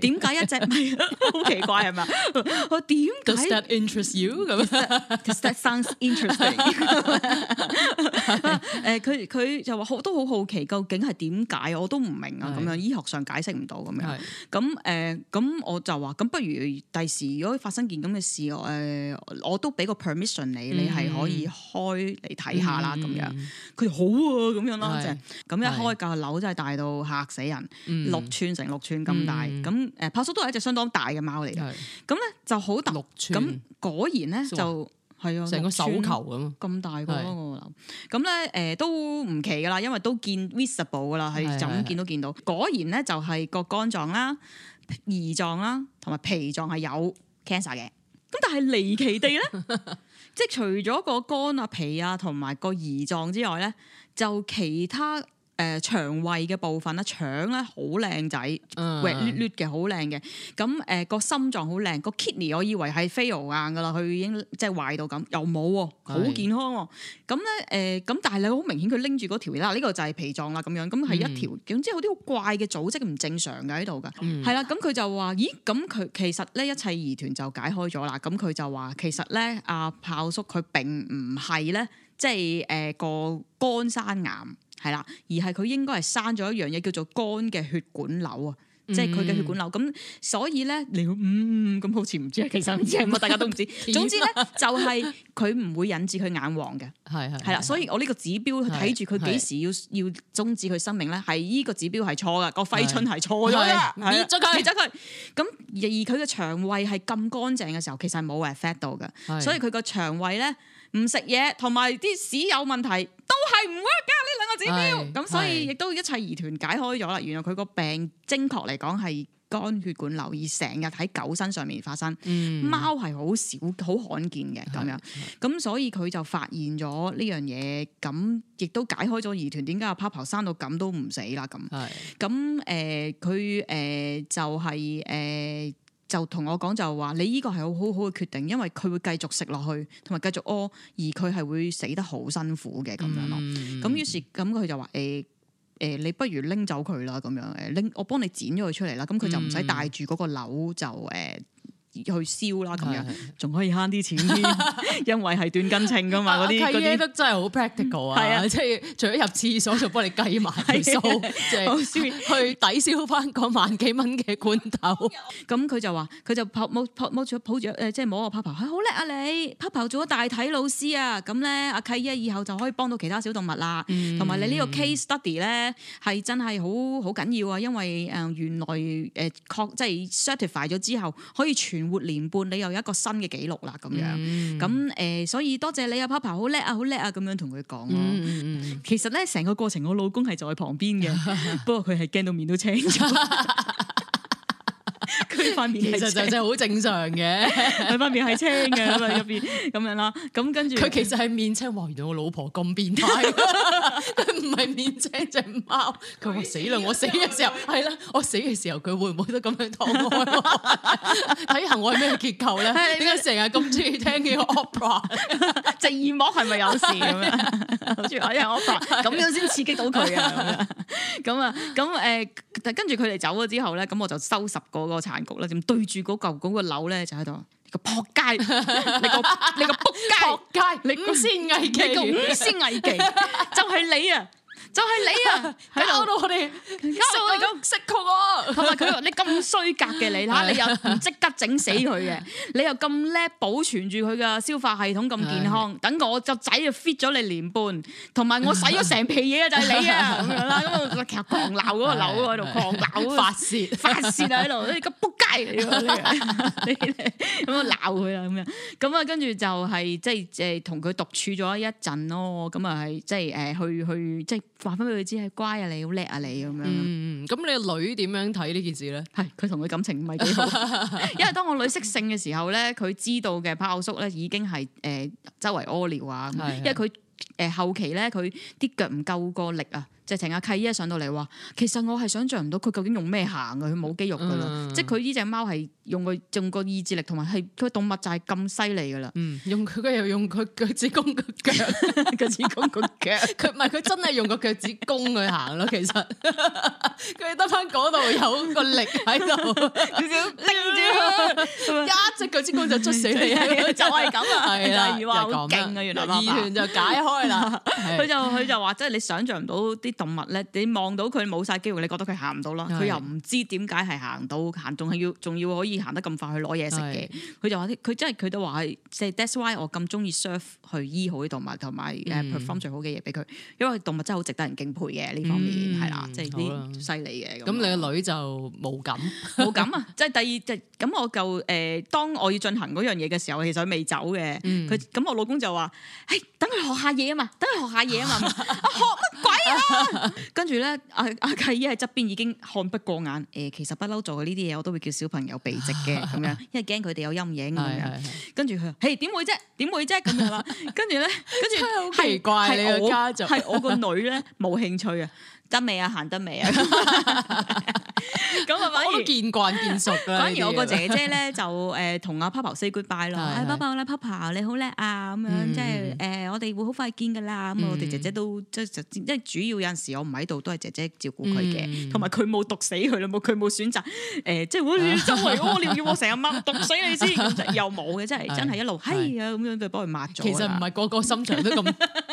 點解一隻唔 好奇怪係咪啊？我點解？Does that interest you？咁？Does that sound interesting？誒，佢佢就話，好都好好奇，究竟係點解我都唔明啊，咁樣醫學上解釋唔到咁樣。咁誒，咁我就話，咁不如第時如果發生件咁嘅事，誒我都俾個 permission 你，你係可以開嚟睇下啦，咁樣。佢好啊，咁樣咯，就係咁一開價樓真係大到吓死人，六寸成六寸咁大，咁誒豹叔都係一隻相當大嘅。貓嚟嘅，咁咧就好大六寸，咁果然咧就係啊，成個手球咁，咁大個囉我諗，咁咧誒都唔奇噶啦，因為都見 visible 噶啦，係就咁見都見到，的果然咧就係個肝臟啦、胰臟啦同埋脾臟係有 cancer 嘅，咁但係離奇地咧， 即係除咗個肝啊、脾啊同埋個胰臟之外咧，就其他。誒、呃、腸胃嘅部分啦，腸咧好靚仔，滑滑嘅好靚嘅，咁誒個心臟好靚，個 kitty 我以為係飛蛾硬噶啦，佢已經即係壞到咁，又冇喎，好是健康。咁咧誒，咁但係你好明顯佢拎住嗰條啦，呢、這個就係脾臟啦咁樣，咁係一條，總之、mm. 有啲好怪嘅組織唔正常嘅喺度㗎，係啦。咁佢、mm. 嗯、就話：咦，咁佢其實咧一切疑團就解開咗啦。咁佢就話其實咧，阿豹叔佢並唔係咧，即係誒個肝生癌。係啦，而係佢應該係生咗一樣嘢叫做肝嘅血管瘤啊，嗯、即係佢嘅血管瘤。咁所以咧，你嗯咁、嗯、好似唔知，其實唔知，大家都唔知。 總之咧，就係佢唔會引致佢眼黃嘅，係係啦。所以我呢個指標睇住佢幾時要是是要終止佢生命咧，係呢個指標係錯嘅，個揮春係錯咗嘅，咗佢，咗佢。咁而佢嘅腸胃係咁乾淨嘅時候，其實係冇 e f f t 到嘅，所以佢個腸胃咧。唔食嘢同埋啲屎有問題，都係唔 work 噶呢兩個指標。咁所以亦都一切疑團解開咗啦。原來佢個病精確嚟講係肝血管瘤，而成日喺狗身上面發生，嗯、貓係好少、好罕見嘅咁樣。咁是所以佢就發現咗呢樣嘢，咁亦都解開咗疑團。點解阿 Popo 生到咁都唔死啦？咁咁誒，佢誒是、呃呃、就係、是、誒。呃就同我講就話，你依個係好好好嘅決定，因為佢會繼續食落去，同埋繼續屙，而佢係會死得好辛苦嘅咁、嗯、樣咯。咁於是咁佢就話誒誒，你不如拎走佢啦，咁樣拎、欸、我幫你剪咗佢出嚟啦。咁佢就唔使帶住嗰個瘤就誒。欸去燒啦咁樣，仲可以慳啲錢，因為係斷斤稱噶嘛。嗰啲嗰啲真係好 practical 啊！係啊，即係除咗入廁所就幫你計埋數，即係去抵消翻個萬幾蚊嘅罐頭。咁佢就話：佢就冇摸住抱住誒，即係摸個 papa 好叻啊！你 papa 做咗大體老師啊！咁咧，阿契姨以後就可以幫到其他小動物啦。同埋你呢個 case study 咧，係真係好好緊要啊！因為誒原來誒確即係 certify 咗之後可以全活年半，你又有一個新嘅紀錄啦，咁樣，咁誒、嗯呃，所以多謝，謝你啊，Papa 好叻啊，好叻啊，咁樣同佢講咯。嗯嗯嗯嗯其實咧，成個過程我老公係就喺旁邊嘅， 不過佢係驚到面都青咗。 佢其實就隻好正常嘅，佢塊 面係青嘅，咁啊入邊咁樣啦，咁、嗯、跟住佢其實係面青，哇！原來我老婆咁變態，佢唔係面青隻貓。佢話死啦！我死嘅時候係啦，我死嘅時候佢會唔會都咁樣躺開我？睇下我係咩結構咧？點解成日咁中意聽叫 opera？隻耳膜係咪有事咁樣？中意聽 opera，咁樣先刺激到佢 啊！咁啊，咁誒，但跟住佢哋走咗之後咧，咁我就收拾嗰個對住嗰嚿嗰個樓咧，就喺度，你個扑街，你個你個扑街，扑街，你五仙危機，你個 五仙危機就係你啊！就係你啊！搞到我哋，搞到我哋咁識窮啊！同埋佢話你咁衰格嘅你，嚇你又唔即刻整死佢嘅，你又咁叻保存住佢嘅消化系統咁健康，等我隻仔就 fit 咗你年半，同埋我洗咗成皮嘢嘅就係你啊！咁樣啦，咁啊，其實狂鬧嗰個樓喺度狂鬧，發泄發泄喺度，你急仆街嚟㗎！你你咁啊鬧佢啊咁樣，咁啊跟住就係即係誒同佢獨處咗一陣咯，咁啊係即係誒去去即係。話翻俾佢知係乖啊你，啊你好叻啊，你咁、嗯、樣。嗯，咁你個女點樣睇呢件事咧？係佢同佢感情唔係幾好， 因為當我女識性嘅時候咧，佢知道嘅豹叔咧已經係誒、呃、周圍屙尿啊，因為佢誒、呃、後期咧佢啲腳唔夠個力啊，就請阿契一上到嚟話，其實我係想象唔到佢究竟用咩行啊，佢冇肌肉噶啦，嗯、即係佢呢隻貓係。用佢用個意志力同埋係佢動物就係咁犀利㗎喇，用佢佢又用佢腳趾公個腳，腳趾公個腳，佢唔係佢真係用個腳趾公去行咯，其實佢得返嗰度有個力喺度，拎 住佢，一隻腳趾公就捽死你，就係咁啊！ 就係話好勁啊！實啊原來爸爸二團就解開啦，佢 的就佢就話即係你想像唔到啲動物咧，你望到佢冇晒機會，你覺得佢行唔到囉，佢的又唔知點解係行到行，仲係要仲要，要，要，要可以。行得咁快去攞嘢食嘅，佢就話啲，佢真係佢都話係，即、就、係、是、That's why 我咁中意 serve 去醫好啲動物，同埋誒 perform 最好嘅嘢俾佢，因為動物真係好值得人敬佩嘅呢方面係啦，即係啲犀利嘅。咁你個女就冇咁冇咁啊，即係、啊就是、第二就咁我就誒，嗯、 當我要進行嗰樣嘢嘅時候，其實佢未走嘅，佢咁、嗯嗯、我老公就話：誒，等佢學下嘢啊嘛，等佢學下嘢啊嘛， 學乜鬼啊？ 跟住咧，阿阿契姨喺側邊已經看不過眼，誒，其實不嬲做嘅呢啲嘢，我都會叫小朋友俾。值嘅咁樣，因為驚佢哋有陰影咁樣，跟住佢話：嘿、 hey,，點會啫？點會啫？咁樣啦，跟住咧，跟住奇怪，係我係我個女咧冇 興趣啊！得未啊？行得未啊？咁啊，反而見慣見熟啦。反而我個姐姐咧就誒同阿 Papa say goodbye 咯是是。阿 Papa 啦，Papa 你好叻啊！咁樣即係誒，我哋會好快見噶啦。咁、嗯嗯、我哋姐姐都即係即主要有陣時我唔喺度，都係姐姐照顧佢嘅。同埋佢冇毒死佢啦，冇佢冇選擇誒、呃，即係好似周圍屙尿要我成日掹毒死你先，又冇嘅，真係真係一路係啊咁樣就幫佢抹咗。其實唔係個個心腸都咁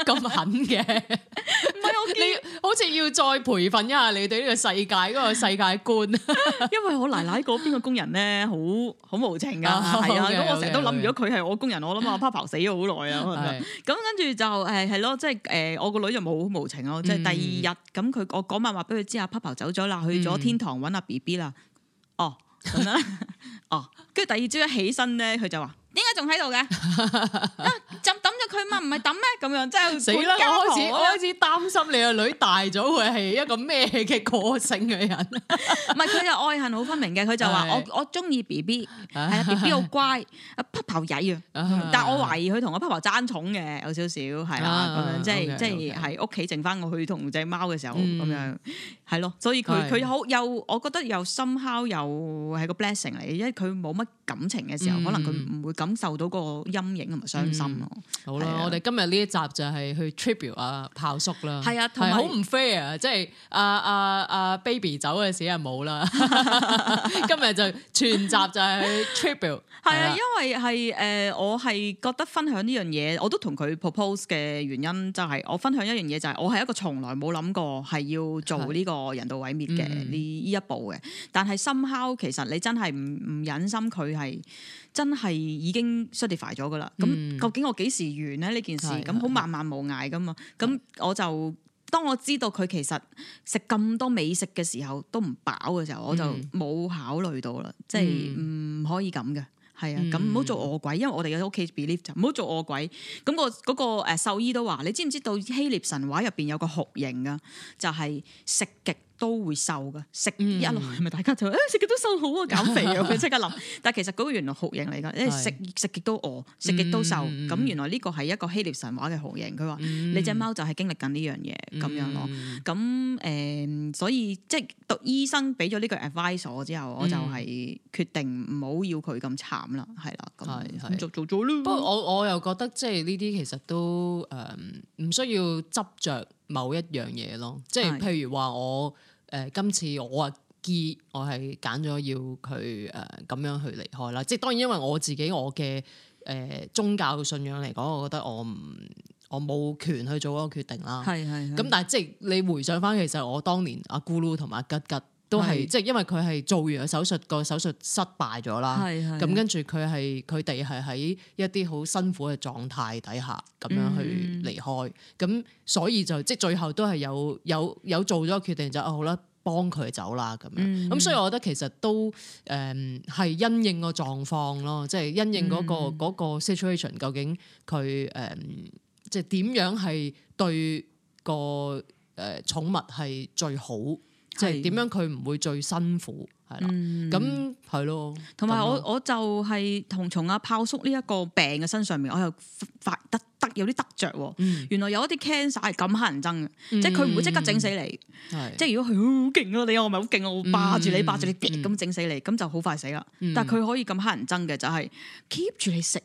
咁 狠嘅，唔 係我見你好似要做。再培訓一下你哋呢個世界嗰個世界觀， 因為我奶奶嗰邊個工人咧，好好無情噶，係啊，咁我成日都諗，如果佢係我工人，我諗啊 Papa 死咗好耐啊，咁是、嗯、跟住就誒係咯，即係誒我個女就冇好無情咯，即、就、係、是、第二日咁佢我講埋話俾佢知阿 Papa 走咗啦，去咗天堂揾阿 B B 啦，嗯、哦，哦，跟住 第二朝一起身咧，佢就話。點解仲喺度嘅？就抌咗佢嘛？唔係抌咩？咁樣真係死啦！我開始我開始擔心你個女大咗會係一個咩嘅個性嘅人？唔係佢又愛恨好分明嘅。佢就話：我我中意 BB 係啊，BB 好乖啊，匹頭仔啊。但係我懷疑佢同我匹頭爭寵嘅有少少係啦。咁樣即係即係係屋企剩翻我去同隻貓嘅時候咁樣係咯。所以佢佢好又我覺得又深刻又係個 blessing 嚟，因為佢冇乜感情嘅時候，可能佢唔會咁。感受到個陰影同埋傷心咯、嗯。好啦，是啊、我哋今日呢一集就係去 tribute 豹叔啦。係啊，同埋好唔 fair，即係阿阿阿 Baby 走嘅時啊冇啦。 今日就全集就係去 tribute 係啊，對吧 因為係誒、呃，我係覺得分享呢樣嘢，我都同佢 propose 嘅原因就係我分享一樣嘢就係我係一個從來冇諗過係要做呢個人道毀滅嘅呢呢一步嘅。嗯、但係 somehow，其實你真係唔唔忍心佢係。真係已經 shutify 咗噶啦，咁、嗯、究竟我幾時完咧呢、嗯、件事？咁好的、嗯、漫漫無涯噶嘛，咁的我就當我知道佢其實食咁多美食嘅時候都唔飽嘅時候，時候嗯、我就冇考慮到啦，嗯、即係唔可以咁嘅，係啊，咁唔好做餓鬼，因為我哋嘅屋企 belief 就唔好做餓鬼。咁、那個嗰個誒獸醫都話，你知唔知道希臘神話入邊有個酷刑噶，就係、是、食極。都會瘦噶，食一路咪大家就誒、哎、食極都瘦好啊，減肥啊，佢即哈哈 刻諗。但係其實嗰個原來酷型嚟噶，即係食食極都餓，食極都，都瘦。咁原來呢個係一個希臘神話嘅酷型。佢話、嗯、你隻貓就係經歷緊呢樣嘢咁樣咯。咁、嗯、誒、嗯，所以即係讀醫生俾咗呢個 advice 我之後，我就係決定唔好要佢咁慘啦，係啦，咁做做咗咯。做做不過，不過我我又覺得即係呢啲其實都誒唔需要執着某一樣嘢咯，即係譬如話我。誒、呃，今次我啊結，阿 Gi，我係揀咗要佢誒咁樣去離開啦。即係當然，因為我自己我嘅誒、呃、宗教信仰嚟講，我覺得我唔我冇權去做嗰個決定啦。係係係。咁但係即係你回想翻，其實我當年阿咕嚕同埋阿吉吉。都係，即係因為佢係做完個手術，個手術失敗咗啦。係係是是。咁跟住佢係佢哋係喺一啲好辛苦嘅狀態底下，咁樣去離開，咁、嗯、所以就即係最後都係有有有做咗決定，就是，就、哦、好啦，幫佢走啦咁樣，咁、嗯嗯、所以我覺得其實都誒係、呃、因應個狀況咯，即係因應嗰、那個嗰、嗯那個那個 situation 究竟佢誒、呃、即係點樣係對、那個誒寵、呃、物係最好。即係點樣佢唔會最辛苦係啦，咁係、嗯、咯。同埋我我就係同從阿豹叔呢一個病嘅身上面，我又發得得有啲得着。嗯、原來有一啲 cancer 係咁乞人憎嘅，嗯、即係佢唔會即刻整死你。嗯、即係如果佢好勁啊，你我唔係好勁，我，我霸住你、嗯、霸住你咁整死你，咁就好快就死啦。但係佢可以咁乞人憎嘅就係 keep 住你食。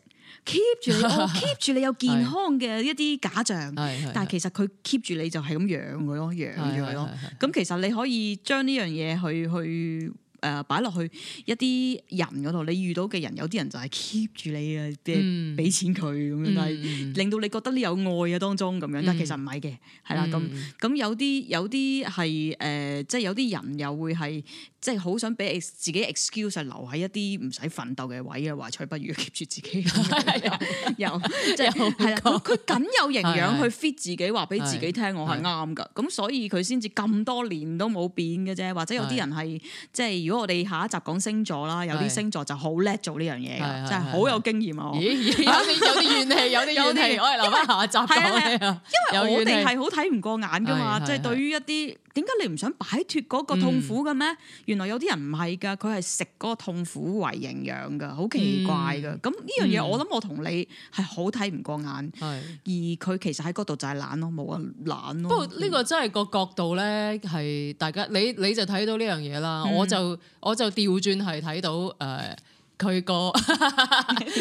keep 住你、oh，keep 住你有健康嘅一啲假象， 對對對，但係其實佢 keep 住你就係咁養佢咯，養住佢咯。咁其實你可以將呢樣嘢去去誒擺落去一啲人嗰度，你遇到嘅人，有啲人就係 keep 住你嘅，即係俾錢佢咁樣，但係令到你覺得呢有愛嘅當中咁樣，但係其實唔係嘅，係啦咁咁有啲有啲係誒，即係有啲人又會係。即係好想俾自己 excuse，就留喺一啲唔使奮鬥嘅位啊，話取不如 keep 住自己。有，即係係啦，佢僅有營養去 fit 自己話俾自己聽，我係啱㗎。咁所以佢先至咁多年都冇變嘅啫。或者有啲人係即係，如果我哋下一集講星座啦，有啲星座就好叻做呢樣嘢，真係好有經驗啊！咦，有啲怨氣，有啲怨氣，我哋留翻下一集講。因為我哋係好睇唔過眼㗎嘛，即係對於一啲點解你唔想擺脫嗰個痛苦嘅咩？原來有啲人唔係噶，佢係食嗰個痛苦為營養噶，好奇怪噶。咁呢、嗯、樣嘢、嗯、我諗我同你係好睇唔過眼，是而佢其實喺嗰度就係懶咯，冇啊懶咯。不過呢個真係個角度咧，係大家你你就睇到呢樣嘢啦，我就我、呃、就調轉係睇到誒佢個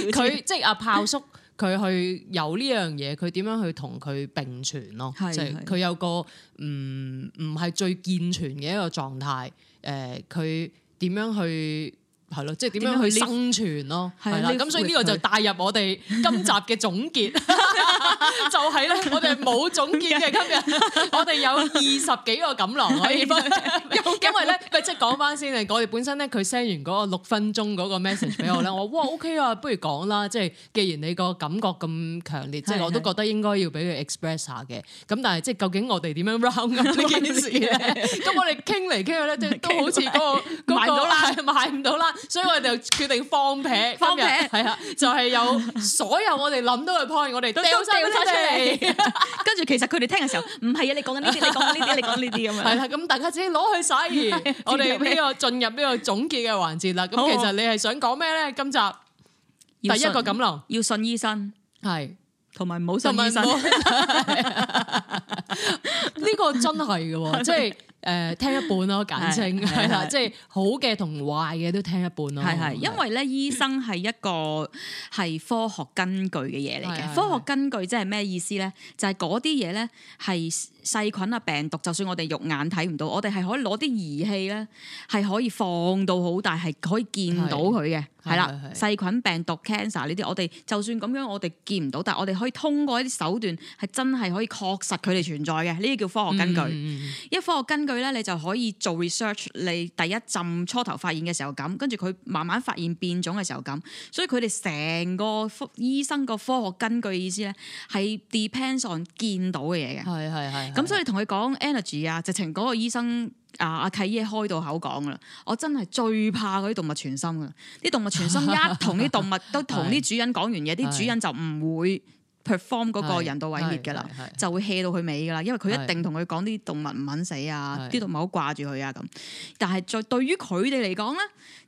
佢即係阿豹叔佢去有呢樣嘢，佢點樣去同佢並存咯？即係佢有個唔唔係最健全嘅一,一個狀態。誒，佢點、呃、樣去？係咯，即係點樣去生存咯？係啦，咁所以呢個就帶入我哋今集嘅總結，就係咧，我哋冇總結嘅今日，我哋有二十幾個錦囊可以，因為咧，佢即係講翻先啊，我哋本身咧，佢 send 完嗰個六分鐘嗰個 message 俾我咧，我話哇 OK 啊，不如講啦，即係既然你個感覺咁強烈，即係我都覺得應該要俾佢 express 下嘅，咁但係即係究竟我哋點樣 round 呢件事咧？咁我哋傾嚟傾去咧，即係都好似嗰個嗰個買唔到啦，買唔到啦。所以我哋就決定放屁。放屁，係啊，就係有所有我哋諗到嘅 point，我哋都掉咗出嚟。跟住 其實佢哋聽嘅時候，唔係啊，你講緊呢啲，你講緊呢啲，你講呢啲咁樣。係啊，咁大家自己攞去使。我哋呢個進入呢個總結嘅環節啦。咁吧其實你係想講咩咧？今集第一個錦囊，要信醫生，係同埋唔好信醫生。呢 個真係㗎，即係 吧。就是誒、呃、聽一半咯，簡稱係啦，即係 對對 好嘅同壞嘅都聽一半咯。係係，因為咧， 醫生係一個係科學根據嘅嘢嚟嘅， 對對對，科學根據即係咩意思咧？就係嗰啲嘢咧係。細菌啊、病毒，就算我哋肉眼睇唔到，我哋係可以攞啲儀器咧，係可以放到好大，係可以見到佢嘅，係啦。細菌、病毒、cancer 呢啲，我哋就算咁樣我哋見唔到，但係我哋可以通過一啲手段係真係可以確實佢哋存在嘅，呢啲叫科學根據。因為、嗯、科學根據咧，你就可以做 research。你第一陣初頭發現嘅時候咁，跟住佢慢慢發現變種嘅時候咁，所以佢哋成個科醫生個科學根據意思咧，係 depends on 見到嘅嘢嘅。係係係。咁 所以同佢講 energy 啊，直情嗰個醫生啊阿契爺開到口講㗎啦，我真係最怕嗰啲動物傳心噶，啲動物傳心一，同啲動物都同啲主人講完嘢，啲 主人就唔會。Perform 嗰個人道毀滅嘅啦，就會 hea 到佢尾嘅啦，因為佢一定同佢講啲動物唔肯死啊，啲是動物好掛住佢啊咁。但係在對於佢哋嚟講咧，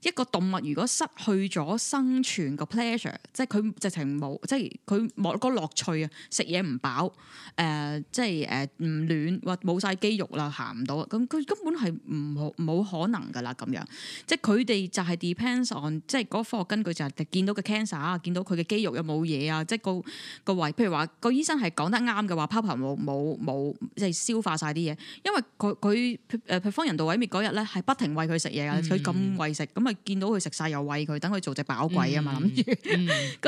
一個動物如果失去咗生存個 pleasure，即係佢直情冇，即係佢冇個樂趣啊，食嘢唔飽，誒、呃，即係誒唔暖，或冇晒肌肉啦，行唔到，咁佢根本係唔冇可能㗎啦，咁樣。即係佢哋就係 depends on，即係嗰科學根據就係見到嘅 cancer，見到佢嘅肌肉有冇嘢啊，即係個個。個譬如話個醫生係講得啱嘅話，Papa 冇冇冇即係消化晒啲嘢，因為佢佢誒，北方、呃、人道毀滅嗰日咧係不停喂佢食嘢啊，佢咁喂食，咁啊見到佢食晒又喂佢，等佢做隻飽鬼啊嘛諗住，咁、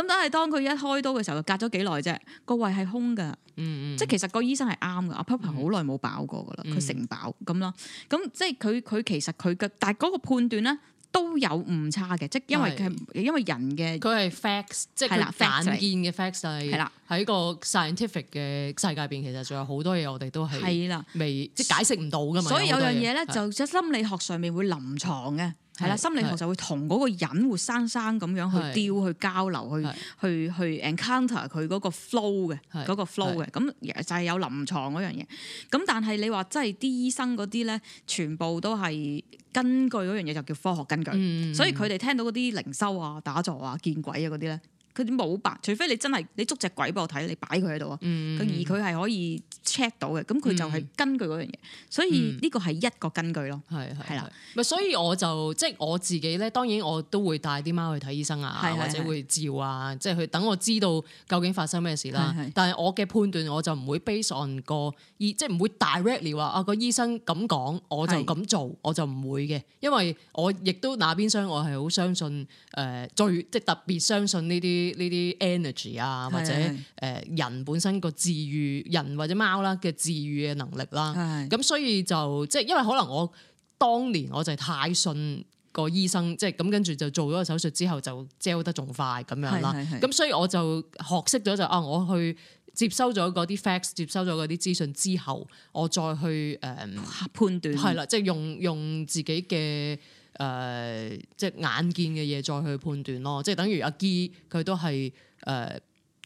嗯、 但係當佢一開刀嘅時候，隔咗幾耐啫，個胃係空噶，嗯、即係其實個醫生係啱嘅，Papa 好耐冇飽過噶啦，佢食唔飽咁咯，咁即係佢佢其實佢嘅，但係嗰個判斷咧。都有誤差嘅，即係因為佢，因為人嘅佢係 facts，即係個眼見嘅 facts 係，係啦，喺個 scientific 嘅世界邊，其實仲有好多嘢我哋都係係啦，未的即係解釋唔到㗎嘛，所以有樣嘢咧，就喺心理學上面會臨床嘅。係啦，心理學就會同嗰個人活生生咁樣去 deal 的去交流、去去的去 encounter 佢嗰的個 flow 嘅的，嗰個 flow 嘅，咁就係有臨床嗰樣嘢。咁但係你話真係啲醫生嗰啲咧，全部都係根據嗰樣嘢就叫科學根據，嗯嗯，所以佢哋聽到嗰啲靈修啊、打坐啊、見鬼啊嗰啲咧。佢冇白，除非你真係你捉隻鬼俾我睇，你擺佢喺度啊。嗯、而佢係可以 check 到嘅，咁佢就係根據嗰樣嘢，嗯、所以呢個係一個根據咯。係係啦，咪的的所以我就即係我自己咧，當然我都會帶啲貓去睇醫生啊，的或者會照啊，的即係去等我知道究竟發生咩事啦。的但係我嘅判斷我就唔會 base on 個醫，即係唔會 directly 話啊、那個醫生咁講我就咁做，我就唔的的會嘅，因為我亦都那邊廂，我係好相信誒最即係特別相信呢啲。呢啲 energy 啊，或者誒人本身個治愈，人或者貓啦嘅治愈嘅能力啦，咁是的 所以就即係因為可能我當年我就係太信個醫生，即係咁跟住就做咗個手術之後就膠得仲快咁樣啦。咁所以我就學識咗就啊，我去接收咗嗰啲 facts，接收咗嗰啲資訊之後我再去誒、呃、判斷斷，係啦，即、就、係、是、用用自己嘅。誒、呃，即係眼見嘅嘢，再去判斷咯。即係等於阿 G，佢都係誒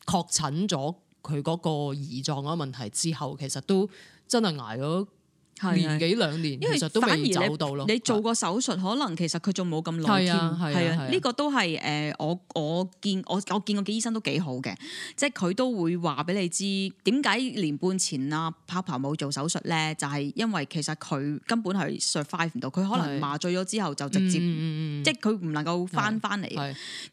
確診咗佢嗰個胰臟嗰個問題之後，其實都真係捱咗年幾兩年，因為反而你你做個手術，可能其實佢仲冇咁老添。係啊，呢個都係誒，我我見我我見過嘅醫生都幾好嘅，即係佢都會話俾你知點解年半前啦豹豹冇做手術咧，就係因為其實佢根本係 survive 唔到，佢可能麻醉咗之後就直接，即係佢唔能夠翻翻嚟。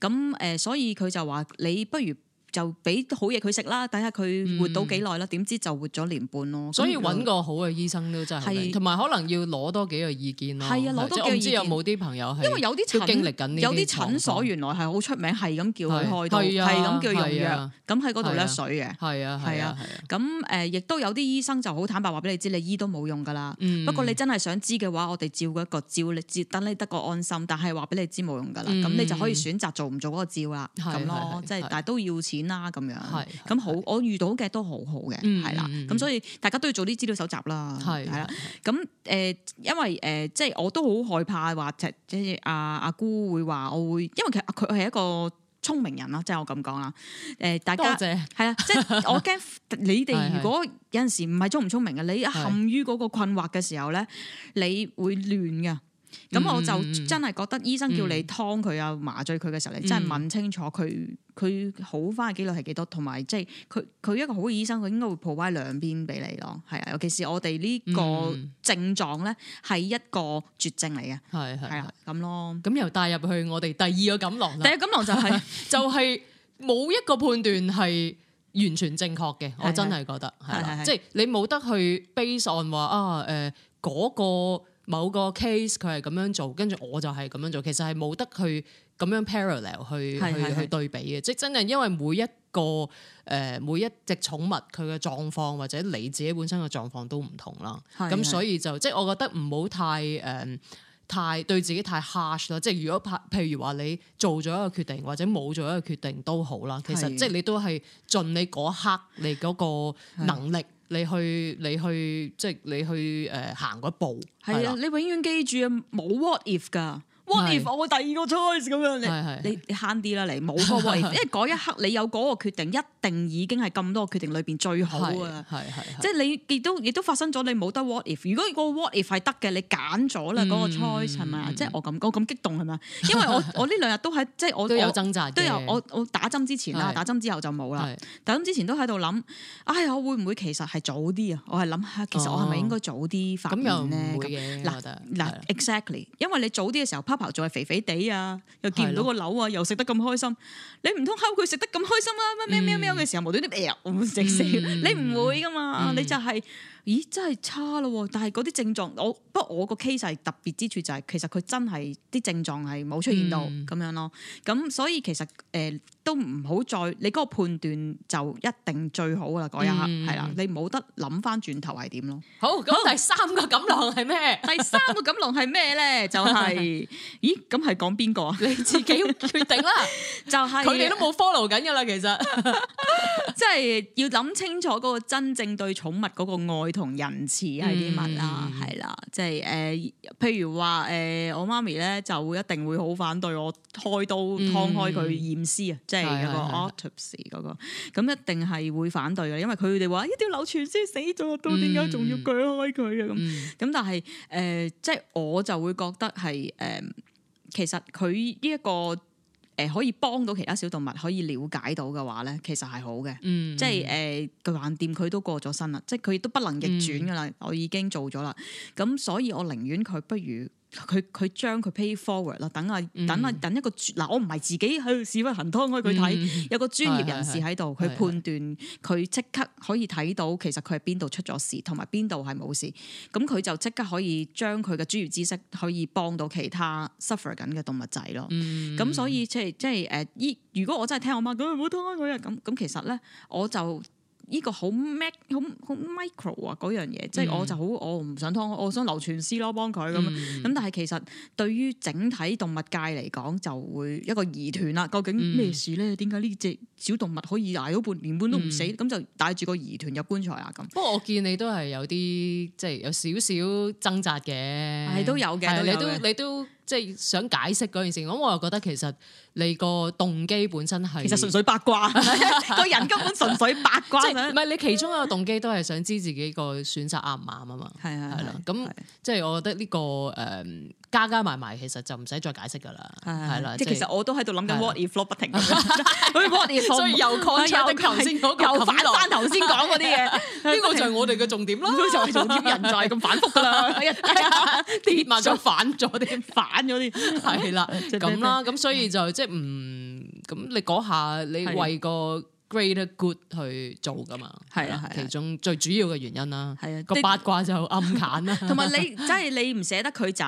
咁誒，所以佢就話你不如。就俾好嘢佢食啦，睇下佢活到幾耐啦？點知就活咗年半咯。所以揾個好嘅醫生都真係同埋可能要攞多幾個意見咯。係啊，攞多幾個意見。有冇啲朋友因為有啲診有啲診所原來係好出名，係咁叫佢開到，係咁叫用藥，咁喺嗰度甩水嘅。係啊，係啊。咁誒，亦都有啲醫生就好坦白話俾你知，你醫都冇用噶啦。不過你真係想知嘅話，我哋照一個照，你照等你得個安心。但係話俾你知冇用噶啦，咁你就可以選擇做唔做嗰個照啦。咁咯，即係但係都要錢。啦咁樣，係咁好，我遇到嘅都好好嘅，係啦。咁所以大家都要做啲資料搜集啦，係啦。咁誒，因為誒，即係我都好害怕話，即係阿阿姑會話我會，因為其實佢係一個聰明人啦，即係我咁講啦。誒，大家多謝，係啊，即係我驚你哋如果有陣時唔係聰唔聰明嘅，你陷於嗰個困惑嘅時候咧，你會亂噶。咁我就真係覺得醫生叫你劏佢啊，嗯、麻醉佢嘅時候你真係問清楚佢佢，嗯、好翻嘅幾率係幾多，同埋即係佢佢一個好嘅醫生，佢應該會 provide 兩邊俾你咯。係啊，尤其是我哋呢個症狀咧係一個絕症嚟嘅，係係係咁咯，呃。咁又帶入去我哋第二個錦囊，第二錦囊就係 就係冇一個判斷係完全正確嘅，我真係覺得係即係你冇得去 base on 話啊誒嗰個。某個 case 佢係咁樣做，跟住我就係咁樣做，其實係冇得去咁樣 parallel 去去是去對比嘅，即係真係因為每一個誒、呃、每一隻寵物佢嘅狀況或者你自己本身嘅狀況都唔同啦，咁是的、嗯、所以就即係我覺得唔好太誒、呃、太對自己太 harsh 啦。即係如果譬如話你做咗一個決定或者冇做一個決定都好啦，其實是的 即係你都係盡你嗰刻你嗰個能力。你去，你去，即係你去，誒、呃、行嗰一步。係啊，啊你永遠記住啊，冇 what if 㗎。What if 我會第二個 choice 咁樣？你你你慳啲啦，你冇個 what if，因為嗰一刻你有嗰個決定，一定已經係咁多個決定裏邊最好噶啦。即係你亦都亦都發生咗，你冇得 what if。如果個 what if 係得嘅，你揀咗啦嗰個 choice 係咪啊？即係我咁我咁激動係咪啊？因為我我呢兩日都喺即係我都有掙扎都有我我打針之前啦，打針之後就冇啦。打針之前都喺度諗，哎呀，我會唔會其實係早啲啊？我係諗下，其實我係咪應該早啲發現咧？嗱嗱，exactly，因為你早啲嘅時候。仲係肥肥地啊，又見唔到個樓啊，是的 又食得咁開心，你唔通叫佢食得咁開心啊？咩咩咩咩嘅時候無端端誒，我唔食死，嗯、你唔會噶嘛？嗯、你就係、是，咦，真係差咯，但係嗰啲症狀，我不過我個 case 特別之處就係、是，其實佢真係啲症狀係冇出現到咁、嗯、樣咯，咁所以其實誒。呃都唔好再，你嗰個判斷就一定最好噶啦，嗰一刻係啦，你冇得諗翻轉頭係點咯。好，咁第三個錦囊係咩？第三個錦囊係咩咧？就係，咦？咁係講邊個啊？你自己決定啦。就係佢哋都冇 follow 緊噶啦，其實，即係要諗清楚嗰個真正對寵物嗰個愛同仁慈係啲乜啦，係啦，即係誒，譬如話誒，我媽咪咧就會一定會好反對我開刀，劏開佢驗屍啊！即係。係嗰個 autopsy 嗰個，咁、那個、一定係會反對嘅，因為佢哋話一定要流傳先死咗都，點解仲要鋸開佢啊？咁咁、嗯，但係誒，即係我就會覺得係誒、呃，其實佢呢一個誒、呃、可以幫到其他小動物可以了解到嘅話咧，其實係好嘅。嗯即、呃了了，即係誒，橫掂佢都過咗身啦，即係佢都不能逆轉噶啦，嗯、我已經做咗啦，咁所以我寧願佢不如。佢佢將佢 pay forward 啦，嗯、等啊等啊等一個，嗱，我唔係自己去屎忽行拖開佢睇，嗯、有個專業人士喺度，佢、嗯、判斷佢即刻可以睇到其實佢係邊度出咗事，同埋邊度係冇事，咁佢就即刻可以將佢嘅專業知識可以幫到其他 suffer 緊嘅動物仔咯。咁、嗯、所以即係即係誒，依如果我真係聽我媽講唔好拖開佢啊，咁咁其實咧我就。呢個好 mac 好好 micro 啊，嗰樣嘢，嗯、即係我就好，我唔想劏，我想流傳獅咯，幫佢咁。咁、嗯、但係其實對於整體動物界嚟講，就會一個疑團啦、啊。究竟咩事咧？點解呢隻小動物可以捱到半年半都唔死？咁、嗯、就帶住個疑團入棺材啊！咁不過我見你都係有啲即係有少少掙扎嘅，係都有嘅是，你都你都。即係想解釋嗰件事，咁我又覺得其實你個動機本身係其實純粹八卦，個人根本純粹八卦。唔係你其中一個動機都係想知自己個選擇啱唔啱啊嘛？係啊，係啦，咁是即係我覺得呢、呢個誒。呃加加埋埋，其實就唔使再解釋噶啦，係啦。即係其實我都喺度諗緊 what if f l o o 不停咁樣，what if 所以又抗又頭先講，又反翻頭先講嗰啲嘢。呢個就係我哋嘅重點咯。就係重點人就係咁反覆啦，一跌埋就反咗啲，反咗啲，係啦咁啦。咁所以就即係唔咁你講下你為個。Great Good 去做噶嘛，係啊的，的其中最主要嘅原因啦，係啊的，個八卦就暗淡啦 你，同埋 你真係你唔捨得佢走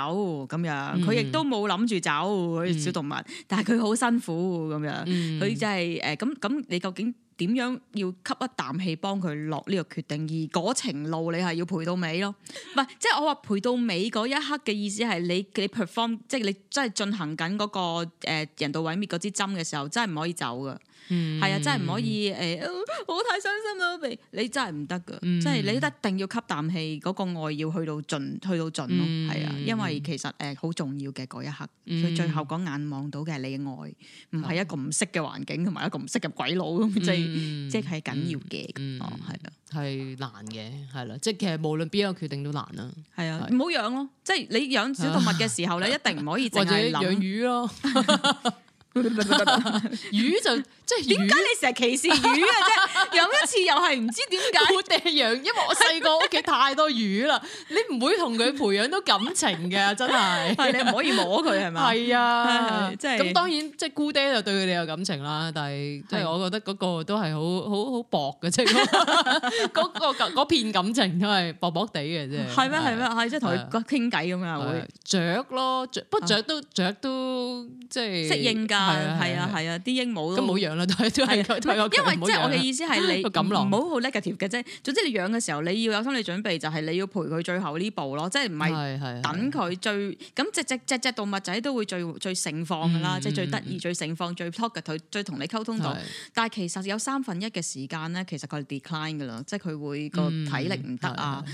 咁樣，佢亦都冇諗住走、嗯、小動物，但係佢好辛苦咁樣，佢、嗯、就係誒咁咁，呃、你究竟點樣要吸一啖氣幫佢落呢個決定？而嗰程路你係要陪到尾咯，唔係即係我話陪到尾嗰一刻嘅意思係你你，你 perform，即係你真係進行緊嗰個誒人道毀滅嗰支針嘅時候，真係唔可以走噶。係、mm. 啊，真係唔可以誒，我、欸哦、太傷心啦！你真係唔得噶，即係、mm. 你一定要吸啖氣，嗰、那個愛要去到盡，去到盡咯，係啊，因為其實誒好重要嘅嗰一刻，佢最後講眼望到嘅係你嘅愛，唔係一個唔識嘅環境，同埋一個唔識嘅鬼佬咁，最即係緊要嘅，哦，係啊，係難嘅，係啦，即係其實無論邊一個決定都難啦，係的啊，唔好養咯，即係你養小動物嘅時候咧， 你一定唔可以淨係諗魚咯。 魚就即係點解你成日歧視魚嘅啫？有一次又係唔知點解姑爹養，因為我細個屋企太多魚啦，你唔會同佢培養到感情嘅，真係你唔可以摸佢係咪？係啊，即係咁當然，即係姑爹就對佢哋有感情啦，但係即係我覺得嗰個都係好好好薄嘅啫，嗰個嗰片感情都係薄薄地嘅啫。係咩？係咩？係即係同佢傾偈咁樣會雀咯，不雀都雀都即係適應噶。係啊係啊，啲鸚鵡都冇養啦，都係因為即係我嘅意思係你唔好好 negative 嘅啫。總之你養嘅時候，你要有心理準備，就係你要陪佢最後呢步咯。即係唔係等佢最咁只只只只，動物仔都會最最盛放噶啦，即係最得意、最盛放、最 talk 嘅佢，再同你溝通到。但係其實有三分一嘅時間咧，其實佢係 decline 噶啦，即係佢會個體力唔得啊，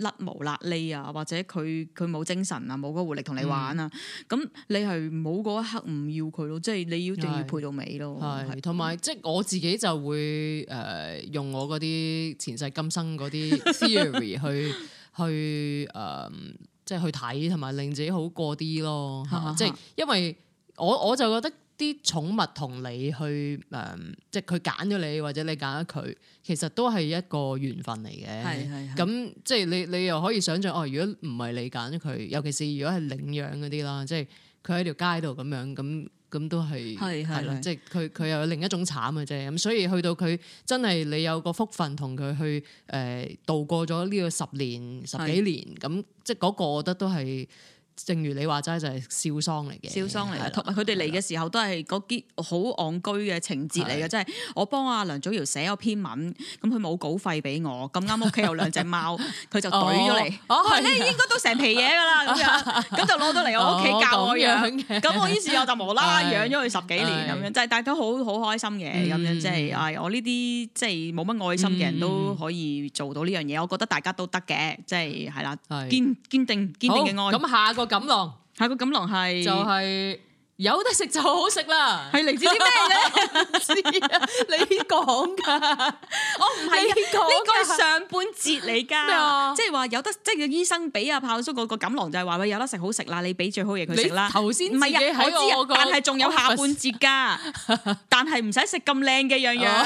甩毛甩脷啊，或者佢佢冇精神啊，冇嗰活力同你玩啊，咁、嗯、你係冇嗰一刻唔要佢咯，即、就、係、是、你要一定要陪到尾咯。係同埋即係我自己就會誒、呃、用我嗰啲前世今生嗰啲 theory 去 去誒即係去睇同埋令自己好過啲咯，即係 因為我我就覺得。啲寵物同你去誒，即係佢揀咗你，或者你揀咗佢，其實都係一個緣分嚟嘅。係係是。咁即係你你又可以想象哦，如果唔係你揀咗佢，尤其是如果係領養嗰啲啦，即係佢喺條街度咁樣，咁咁都係係係即係佢佢又有另一種慘嘅啫。咁所以去到佢真係你有個福分同佢去誒、呃、度過咗呢個十年十幾年，咁是是 即係嗰、那個我覺得都係。正如你話齋，就係笑喪嚟嘅，笑喪嚟嘅。同埋佢哋嚟嘅時候都係嗰啲好戇居嘅情節嚟嘅，即係我幫阿梁祖堯寫咗篇文，咁佢冇稿費俾我，咁啱屋企有兩隻貓，佢就攋咗嚟，係咧應該都成皮嘢㗎喇咁樣，咁就攞到嚟我屋企教我養嘅。咁我於是我就無啦啦養咗佢十幾年咁樣，即係大家都好好開心嘅咁樣，即係唉，我呢啲即係冇乜愛心嘅人都可以做到呢樣嘢，我覺得大家都得嘅，即係係啦，堅堅定堅定嘅愛。咁下一錦囊，吓個錦囊係就係有得食就好食啦，係嚟自啲咩呢？你講噶，我唔係講噶，應該係上半節嚟噶，即係話有得，即係個醫生俾阿炮叔嗰個錦囊就係話喂，有得食好食啦，你俾最好嘢佢食啦。頭先唔係我知，但係仲有下半節噶，但係唔使食咁靚嘅樣樣，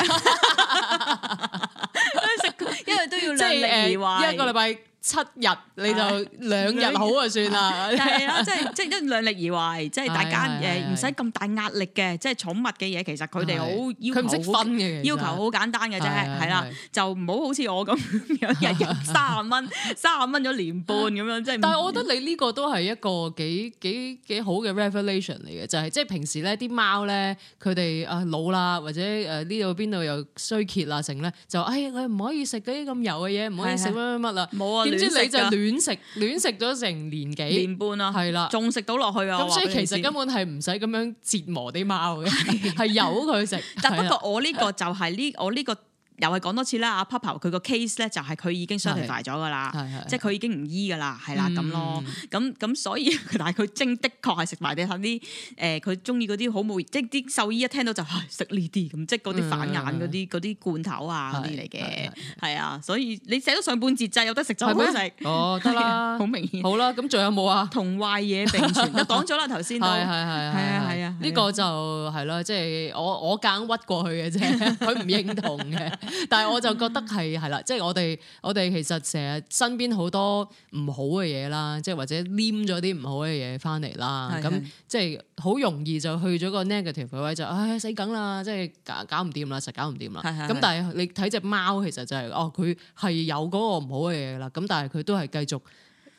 食，因為都要量力而為一個禮拜。七日你就兩日好就、嗯嗯嗯、啊，算啦，係啊，即係即係因量力而為，即係大家誒唔使咁大壓力嘅，即係寵物嘅嘢其實佢哋好要佢唔識分嘅，要求好簡單嘅啫，係啦、哎哎哎，就唔好好似我咁樣日日三十蚊，三十蚊咗年半咁樣，即係。嗯、但係我覺得你呢個都係一個幾幾幾好嘅 revelation 嚟、就、嘅、係，就係即係平時咧啲貓咧佢哋啊老啦，或者誒呢度邊度又衰竭啦成咧，就誒我唔可以食啲咁油嘅嘢，唔可以食乜乜乜啦，冇啊。即係你就亂食，亂食咗成年幾年半啊，係啦了，仲食到落去啊！咁所以其實根本係唔使咁樣折磨啲貓嘅，係 由佢食。 了但不過我呢個就係呢，我呢個。 又係講多次啦，阿豹佢個 case 呢就係佢已經傷停大咗㗎喇，即係佢已經唔醫㗎喇，係啦咁咯，咁咁所以但係佢精的確係食埋啲嚇啲誒，佢中意嗰啲好冇益，即啲獸醫一聽到就食呢啲咁，即嗰啲反眼嗰啲啲罐頭啊嗰啲嚟嘅，係啊，所以你寫咗上半節就有得食就好食，哦得啦，好明顯，好啦，咁仲有冇啊？同壞嘢並存，又講咗啦頭先，係係係係啊，呢個就係咯，即係我我夾硬屈過去嘅啫，佢唔認同嘅。但係我就覺得係係啦，即係我哋我哋其實成日身邊好多唔好嘅嘢啦，即係或者黏咗啲唔好嘅嘢翻嚟啦，咁即係好容易就去咗個 negative 嘅位，就唉死梗啦，即係搞搞唔掂啦，實搞唔掂啦。咁但係你睇隻貓，其實就係哦，佢係有嗰個唔好嘅嘢啦，咁但係佢都係繼續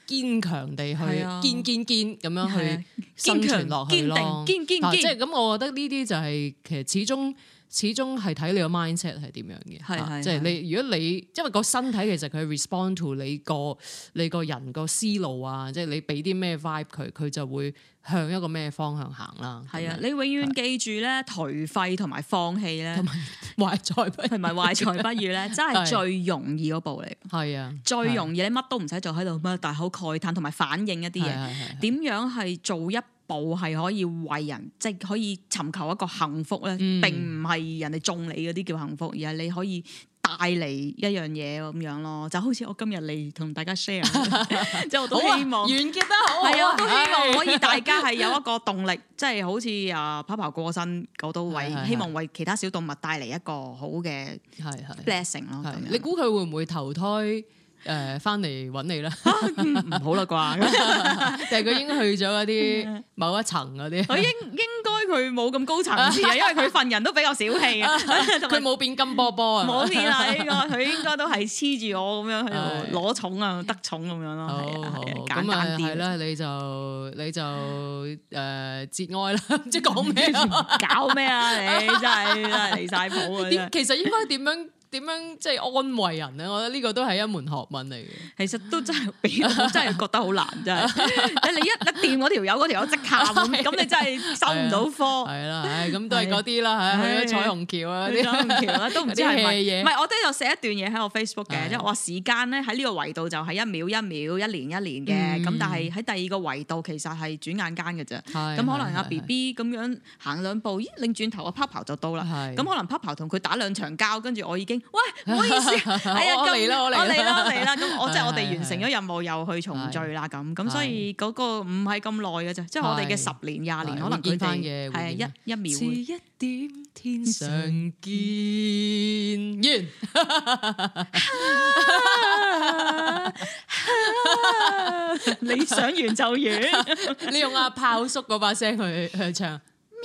堅強地去堅堅堅咁樣去生存落去咯。堅堅堅，即係咁，我覺得呢啲就係其實始終。始終係睇你個 mindset 係點樣嘅，即係你如果你因為個身體其實佢 respond to 你個你個人個思路啊，即係你俾啲咩 vibe 佢，佢就會向一個咩方向行啦。係啊，你永遠記住咧，頹廢同埋放棄咧，壞財同埋壞財不如咧，真係最容易嗰步嚟。係啊，最容易你乜都唔使做喺度，乜大口慨嘆同埋反應一啲嘢，點樣係做一步係可以為人，即、就、係、是、可以尋求一個幸福咧，嗯、並唔係人哋中你嗰啲叫幸福，而係你可以帶嚟一樣嘢咁樣咯。就好似我今日嚟同大家 share，即 我都希望、啊、完結得好，係啊對，都希望可以大家係有一個動力， 即係好似啊 papa 過身我都為，是是是是希望為其他小動物帶嚟一個好嘅係係 blessing 咯。你估佢會唔會投胎？誒，翻嚟揾你啦，唔好啦啩？定係佢已經去咗一啲某一層嗰啲？我應應該佢冇咁高層次啊，因為佢份人都比較小氣啊，佢冇變金波波啊，冇變啊呢個，佢應該都係黐住我咁樣去攞寵啊，得寵咁樣咯，係啊，咁啊係啦，你就你就誒節哀啦，唔知講咩，搞咩啊，你真係真係離曬譜啊！其實應該點樣？點樣即係安慰人咧？我覺得呢個都係一門學問嚟嘅。其實都真係俾人真係覺得好難，真係。你一一掂嗰條友，嗰條友即刻會咁，你真係收唔到科。係啦，咁都係嗰啲啦吓，彩虹橋啊，啲彩虹橋啦，都唔知係乜嘢。唔係，我都有寫一段嘢喺我 Facebook 嘅，即係話時間咧喺呢個維度就係一秒一秒、一年一年嘅，咁但係喺第二個維度其實係轉眼間嘅啫。咁可能阿 B B 咁樣行兩步，咦，擰轉頭阿 Papa 就到啦。咁可能 Papa 同佢打兩場交，跟住我已經。喂，唔好意思，係啊，我嚟啦，我嚟啦，嚟啦，咁我即係我哋完成咗任務，又去重聚啦，咁咁，所以嗰個唔係咁耐嘅咋，即係我哋嘅十年、廿年，可能佢哋係一一秒。遲一點天上見，完。你想完就完，你用阿豹叔嗰把聲去去唱。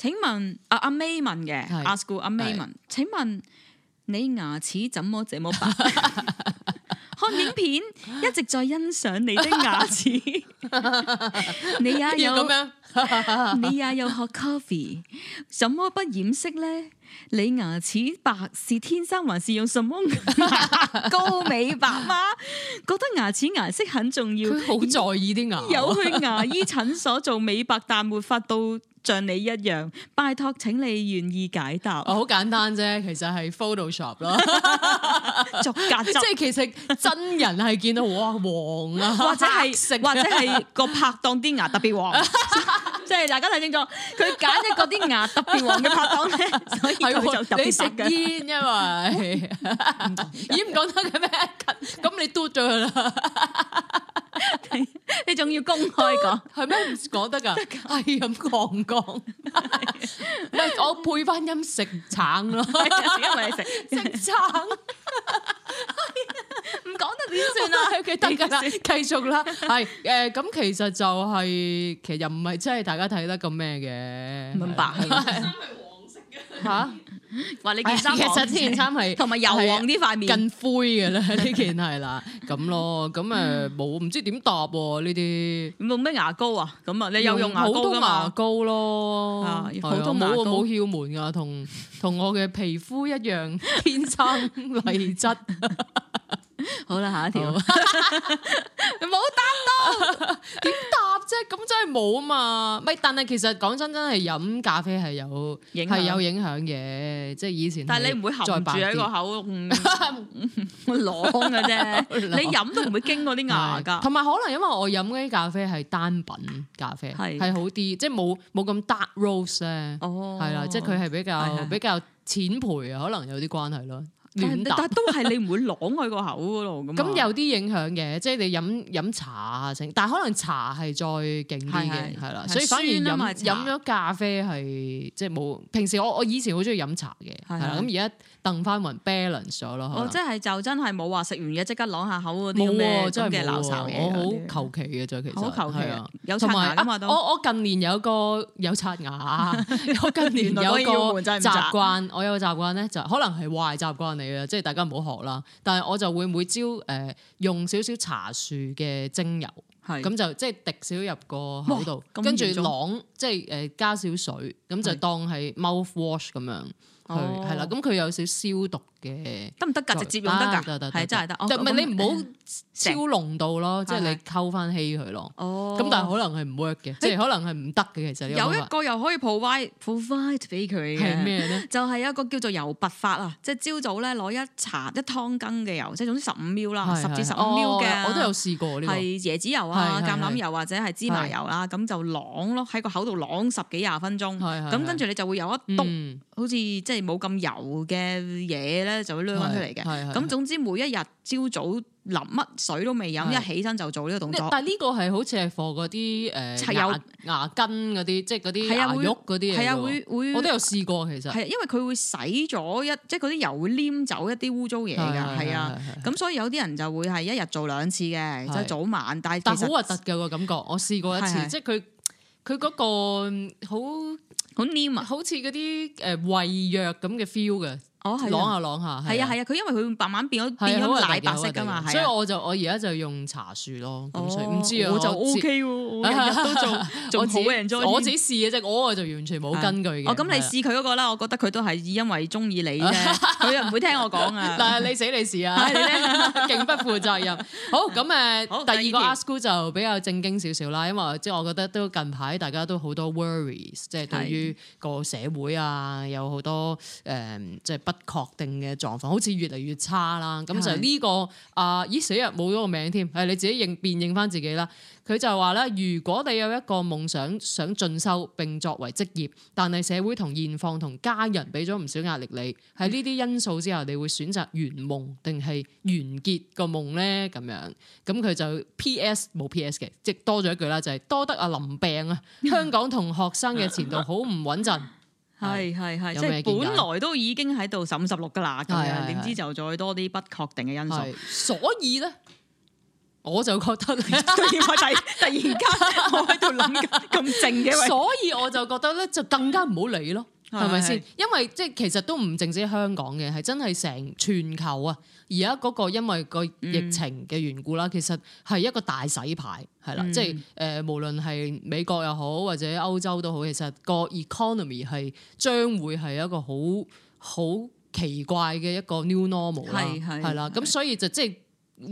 請問阿阿 May m a n 嘅阿 s c h o o l 阿 May m a n 請問你牙齒怎麼這麼白？ 看影片一直在欣賞你的牙齒， 你也有這樣 你也有飲 coffee，怎麼不染色呢？你牙齒白是天生還是用什麼 高美白嗎？覺得牙齒顏色很重要，好在意啲牙，有去牙醫診所做美白，但沒法到。像你一樣，拜託請你願意解答。好、哦、簡單啫，其實係 Photoshop 咯，作假 集。即係其實真人係見到哇黃啊，或者係色或者係個拍檔啲牙特別黃。 即係大家睇清楚，佢揀嘅嗰啲牙突變黃嘅拍檔咧，所以佢就食煙。因為咦唔講得嘅咩？咁你嘟咗佢啦，你仲要公開講係咩？唔講得㗎，係咁講講。唔係我配翻音食橙咯，自己為食食橙。唔講得點算啊？OK 得㗎啦，繼續啦。係誒咁，其實就係其實又唔係真係大。而家睇得咁咩嘅？明白。衫係黃色嘅。嚇？話你件衫黃色。其實件衫係同埋油黃呢塊面。更灰嘅咧，呢件係啦。咁咯，咁誒冇，唔知點答喎呢啲。冇咩牙膏啊？咁啊，你又用好多牙膏咯。啊，好多牙膏。冇冇竅門㗎，同同我嘅皮膚一樣，天生麗質。好啦，下一條，冇 答到，點答啫？咁真係冇啊嘛？咪但係其實講真真係飲咖啡係有係響有影響嘅，即係以前。但係你唔會含住喺個口窿攞空嘅啫， 你飲都唔會經過啲牙噶。同埋可能因為我飲嗰啲咖啡係單品咖啡，係是好啲，即係冇冇咁 dark roast 咧，哦。係啦，即係佢係比較是比較淺焙啊，可能有啲關係咯。但都係你唔會擸佢個口嗰度噶嘛。咁有啲影響嘅，即係你飲飲茶先，但可能茶係再勁啲嘅，係啦。所以反而飲咗咖啡係即係冇。平時我我以前好中意飲茶嘅，係啦。咁而家掟翻混 balance 咗咯。我真係就真係冇話食完嘢即刻擸下口，嗰啲真係唔係鬧手嘅。我好求其嘅啫，其實係啊。同埋我我近年有個有刷牙，我近年有個習慣，我有個習慣咧，就可能係壞習慣。即係大家唔好學啦，但係我就會每朝誒、呃、用少少茶樹嘅精油，咁是就即係滴少入個口度，跟住晾，即係誒加少水，咁就當係 mouthwash 咁樣。佢係啦，咁佢有少消毒嘅，得唔得噶？直接用得噶，係真係得。就唔係你唔好超濃度咯，即係你溝翻稀佢咯。哦，咁但係可能係唔 work 嘅，即係可能係唔得嘅。其實有一個又可以 provide provide 俾佢係咩咧？就係一個叫做油拔法啊，即係朝早咧攞一茶一湯羹嘅油，即係總之十五 mL 啦，十至十五 mL 嘅。我都有試過呢個，係椰子油啊、橄欖油或者係芝麻油啦，咁就啷咯喺個口度啷十幾廿分鐘，咁跟住你就會有一篤。好似即係冇咁油嘅嘢咧，就攞翻出嚟嘅。咁總之每一日朝早淋乜水都未飲，一起身就做呢個動作。但係呢個係好似係放嗰啲誒有牙根嗰啲，即係嗰啲牙鬚嗰啲嘢喎。我都有試過其實。係，因為佢會洗咗一，即係嗰啲油會黏走一啲污糟嘢㗎。係啊，咁所以有啲人就會係一日做兩次嘅，即係早晚。但係其實好核突㗎個感覺。我試過一次，即係佢佢嗰個好。好黏啊，好似嗰啲誒胃藥咁嘅 feel 噶。攞下攞下，係啊係啊，佢因為佢慢慢變咗變咗奶白色噶嘛，所以我就我而家就用茶樹咯，咁唔知啊，我就 O K 喎，日日都做，仲好嘅人做，我自己試嘅啫，我就完全冇根據嘅。咁你試佢嗰個啦，我覺得佢都係因為中意你啫，佢又唔會聽我講啊。嗱，你死你試啊，勁不負責任。好咁誒，第二個 ASKGOO 就比較正經少少啦，因為即係我覺得都近排大家都好多 worries，即係對於個社會啊有好多誒，即係。不確定嘅狀況，好似越嚟越差啦。咁就係呢個啊，咦死啊，冇咗個名添。係你自己認辨認翻自己啦。佢就話咧，如果你有一個夢想想進修並作為職業，但係社會同現況同家人俾咗唔少壓力你，喺呢啲因素之後，你會選擇圓夢定係完結個夢咧？咁樣咁佢就 P S 冇 P S 嘅，即多咗一句啦，就係多得阿林病啊！香港同學生嘅前途好唔穩陣。 係係係，的即係本來都已經喺度十五十六噶啦，咁樣點知的就再多啲不確定嘅因素的，的所以咧， 我就覺得你點解就係突然間我喺度諗緊咁靜嘅， 所以我就覺得咧就更加唔好理咯。係咪先？因為即係其實都唔淨止香港嘅，係真係成全球啊！而家嗰個因為個疫情嘅緣故啦，嗯、其實係一個大洗牌係啦，嗯、即係誒、呃、無論係美國又好或者歐洲都好，其實個 economy 係將會係一個好好奇怪嘅一個 new normal 啦，係啦，咁所以就即係。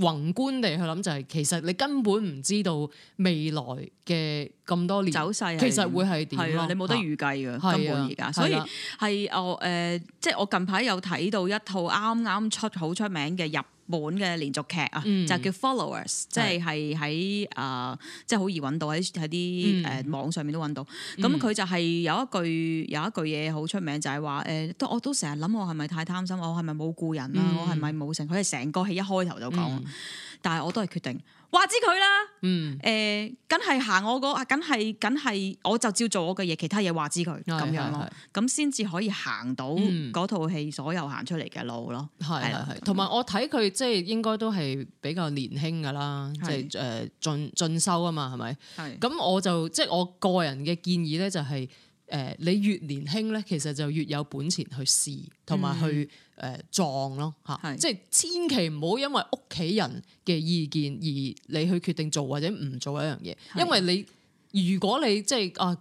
宏觀地去諗就係、是，其實你根本唔知道未來嘅咁多年，走勢其實會係點咯？你冇得預計㗎，咁而家，的所以係我誒、呃，即係我近排有睇到一套啱啱出好出名嘅入本嘅連續劇啊，就叫 Followers，即係係喺啊，即係好易揾到喺喺啲誒網上面都揾到。咁佢、嗯、就係有一句有一句嘢好出名，就係話誒，都、欸、我都成日諗我係咪太貪心，我係咪冇顧人啊，嗯、我係咪冇成？佢係成個戲一開頭就講，嗯、但係我都係決定。話之佢啦，誒、嗯呃，梗係行我、個啊，梗係梗係，我就照做我嘅嘢，其他嘢話之佢咁樣咯，咁先至可以行到嗰套戲所有行出嚟嘅路咯。係係、嗯，同埋我睇佢即係應該都係比較年輕噶啦，即係誒進進修啊嘛，係咪？係咁係係我就即係、就係、我個人嘅建議咧，就係、係。誒，你越年輕咧，其實就越有本錢去試，同埋去誒撞咯嚇。嗯、即係千祈唔好因為屋企人嘅意見而你去決定做或者唔做一樣嘢。是的 因為你如果你即係啊，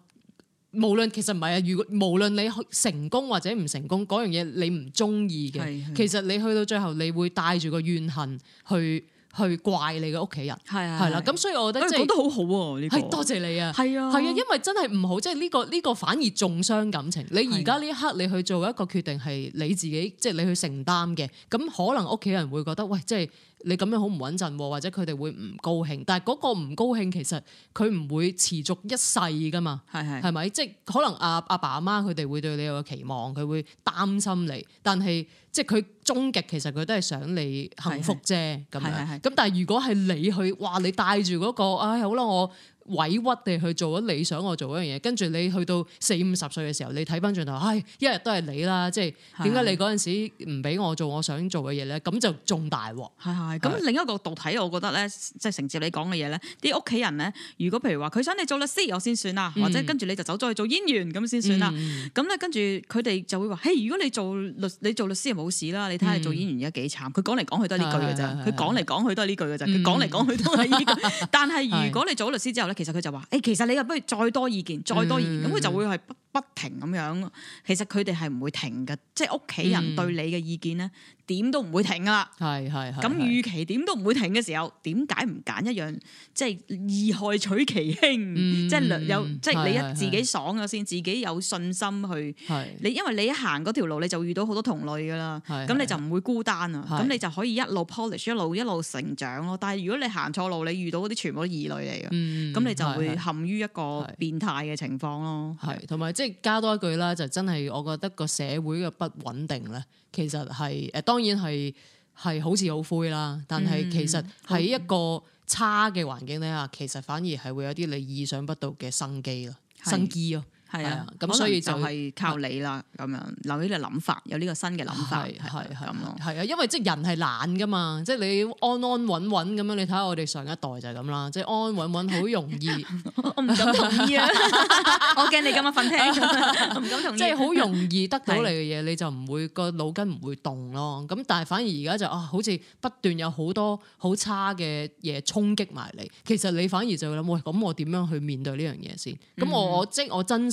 無論其實唔係啊，如果無論你成功或者唔成功，嗰樣嘢你唔中意嘅，是的 其實你去到最後，你會帶住個怨恨去。去怪你嘅屋企人，係啦的，咁的所以我覺得即講、欸就是、得好好、啊、喎，呢、這個、多謝你啊，係啊的，係啊，因為真係唔好，即係呢個呢、這個反而重傷感情。的你而家呢一刻你去做一個決定係你自己，即、就、係、是、你去承擔嘅。咁可能屋企人會覺得喂，即、就、係、是、你咁樣好唔穩陣，或者佢哋會唔高興。但係嗰個唔高興其實佢唔會持續一世噶嘛，係咪的？即係的、就是、可能阿阿爸阿媽佢哋會對你有個期望，佢會擔心你，但係即係佢。就是終極其實佢都係想你幸福啫，咁咁。但係如果係你去，哇！你帶住嗰個，唉，好啦，我委屈地去做咗你想我做嗰樣嘢。跟住你去到四五十歲嘅時候，你睇翻轉頭，唉，一日都係你啦。即係點解你嗰陣時唔俾我做我想做嘅嘢咧？咁就重大喎。係係。咁另一個角度睇，我覺得咧，即係承接你講嘅嘢咧，啲屋企人咧，如果譬如話佢想你做律師，我先算啦，或者跟住你就走咗去做演員，咁先算啦。咁咧、嗯嗯、跟住佢哋就會話，如果你做律師，你做律師冇事啦。你睇下做演員而家幾慘，佢講嚟講去都係呢句㗎咋。佢講嚟講去都係呢句㗎咋。佢講嚟講去都係呢句。嗯、但係如果你做咗律師之後咧，其實佢就話，誒，其實你又不如再多意見，再多意見，咁佢、嗯、就會係。不停咁樣，其實佢哋係唔會停嘅，即係屋企人對你嘅意見咧，點都唔會停噶啦。係係係。咁預期點都唔會停嘅時候，點解唔揀一樣即係二害取其輕？即係有即係你一自己爽咗先，自己有信心去。係。你因為你行嗰條路，你就遇到好多同類噶啦。係。咁你就唔會孤單啊。係。咁你就可以一路 polish，一路一路成長咯。但係如果你行錯路，你遇到嗰啲全部都異類嚟嘅。嗯。咁你就會陷於一個變態嘅情況咯。同埋。即係加多一句啦，就真係我覺得個社會嘅不穩定咧，其實係，誒、呃、當然係係好似好灰啦，但係其實喺一個差嘅環境底下，其實反而係會有啲你意想不到嘅生機咯，生機咯。係啊，咁所以就係靠你啦，咁樣留呢個諗法，有呢個新嘅諗法，係係係啊，因為即係人係懶噶嘛，即係你安安穩穩咁樣，你睇下我哋上一代就係咁啦，即係安安穩穩好容易。 我唔敢同意啊， 我驚你今日瞓廳咁唔敢同意。即係好容易得到你嘅嘢，你就唔會、個腦筋唔會動咯。咁但係反而而家就啊，好似不斷有好多好差嘅嘢衝擊埋你。其實你反而就會諗喂，咁、哎、我點樣去面對呢樣嘢先？咁我、嗯、即我真。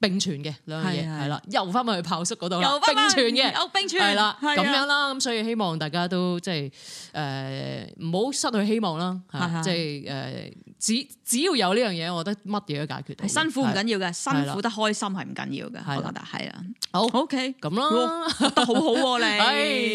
並存嘅兩樣嘢，係啦，又翻埋去豹叔嗰度又並存嘅，存，係啦，咁樣啦，咁所以希望大家都即係誒唔好失去希望啦，即係誒只只要有呢樣嘢，我覺得乜嘢都解決。辛苦唔緊要嘅，辛苦得開心係唔緊要嘅，係啊，好 OK 咁咯，都好好喎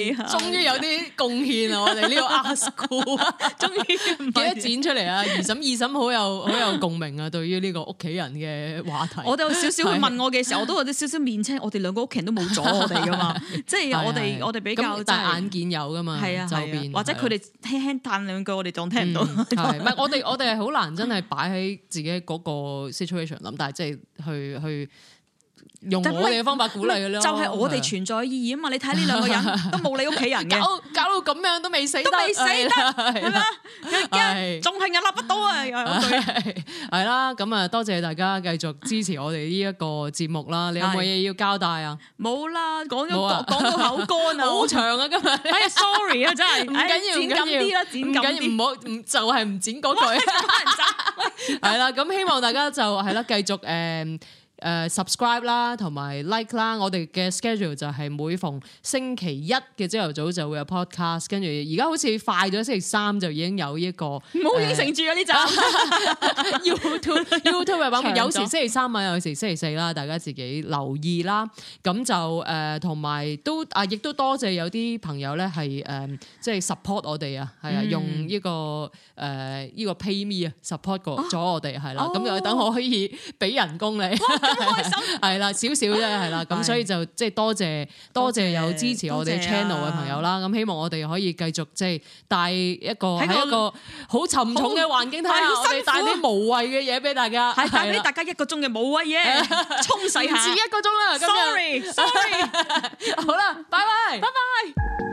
你，終於有啲貢獻啊！我哋呢個 ASKGOO，終於記得剪出嚟啊！二嬸二嬸好有好有共鳴啊！對於呢個屋企人嘅話題，我哋有少少。問我嘅時候，我都有啲少少面青。我哋兩個屋企人都冇阻我哋噶嘛，即係我哋我哋比較眼見有噶嘛，後邊或者佢哋輕輕彈兩句，我哋仲聽唔到。唔係我哋我哋係好難真係擺喺自己嗰個 situation 諗，但係即係去去。用我哋嘅方法鼓勵嘅咯，就係我哋存在意義啊嘛！你睇呢兩個人都冇你屋企人嘅，搞到咁樣都未死，都未死啦，係嘛？仲係屹立不倒啊！係啦，咁啊，多謝大家繼續支持我哋呢一個節目啦！你有冇嘢要交代啊？冇啦，講咗講到口乾啊，好長啊，今日。哎呀，sorry 啊，真係唔緊要，剪緊啲啦，剪緊啲，唔好唔就係唔剪嗰句。係啦，咁希望大家就係啦，繼續誒。誒 subscribe、呃、啦，同埋 like 啦，我哋嘅 schedule 就係每逢星期一嘅朝頭早就會有 podcast，跟住而家好似快咗，星期三就已經有一個，唔好應承住啊！啲就、呃、 YouTube YouTube 嘅話，了有時星期三啊，有時星期四啦，大家自己留意啦。咁就誒同埋都啊，亦都多謝有啲朋友咧係誒即係 support 我哋啊，係啊，用呢、呢個誒依、呃呢個 pay me support 啊 support 過咗我哋係啦，咁又等我可以俾人工你。啊 開心，係啦，少少啫，係啦，咁所以就即係多謝多謝有支持我哋 channel 嘅朋友啦，咁希望我哋可以繼續即係帶一個喺一個好沉重嘅環境下，我哋帶啲無謂嘅嘢俾大家，係帶俾大家一個鐘嘅無謂嘢，沖洗至一個鐘啦，sorry sorry，好啦，拜拜拜拜。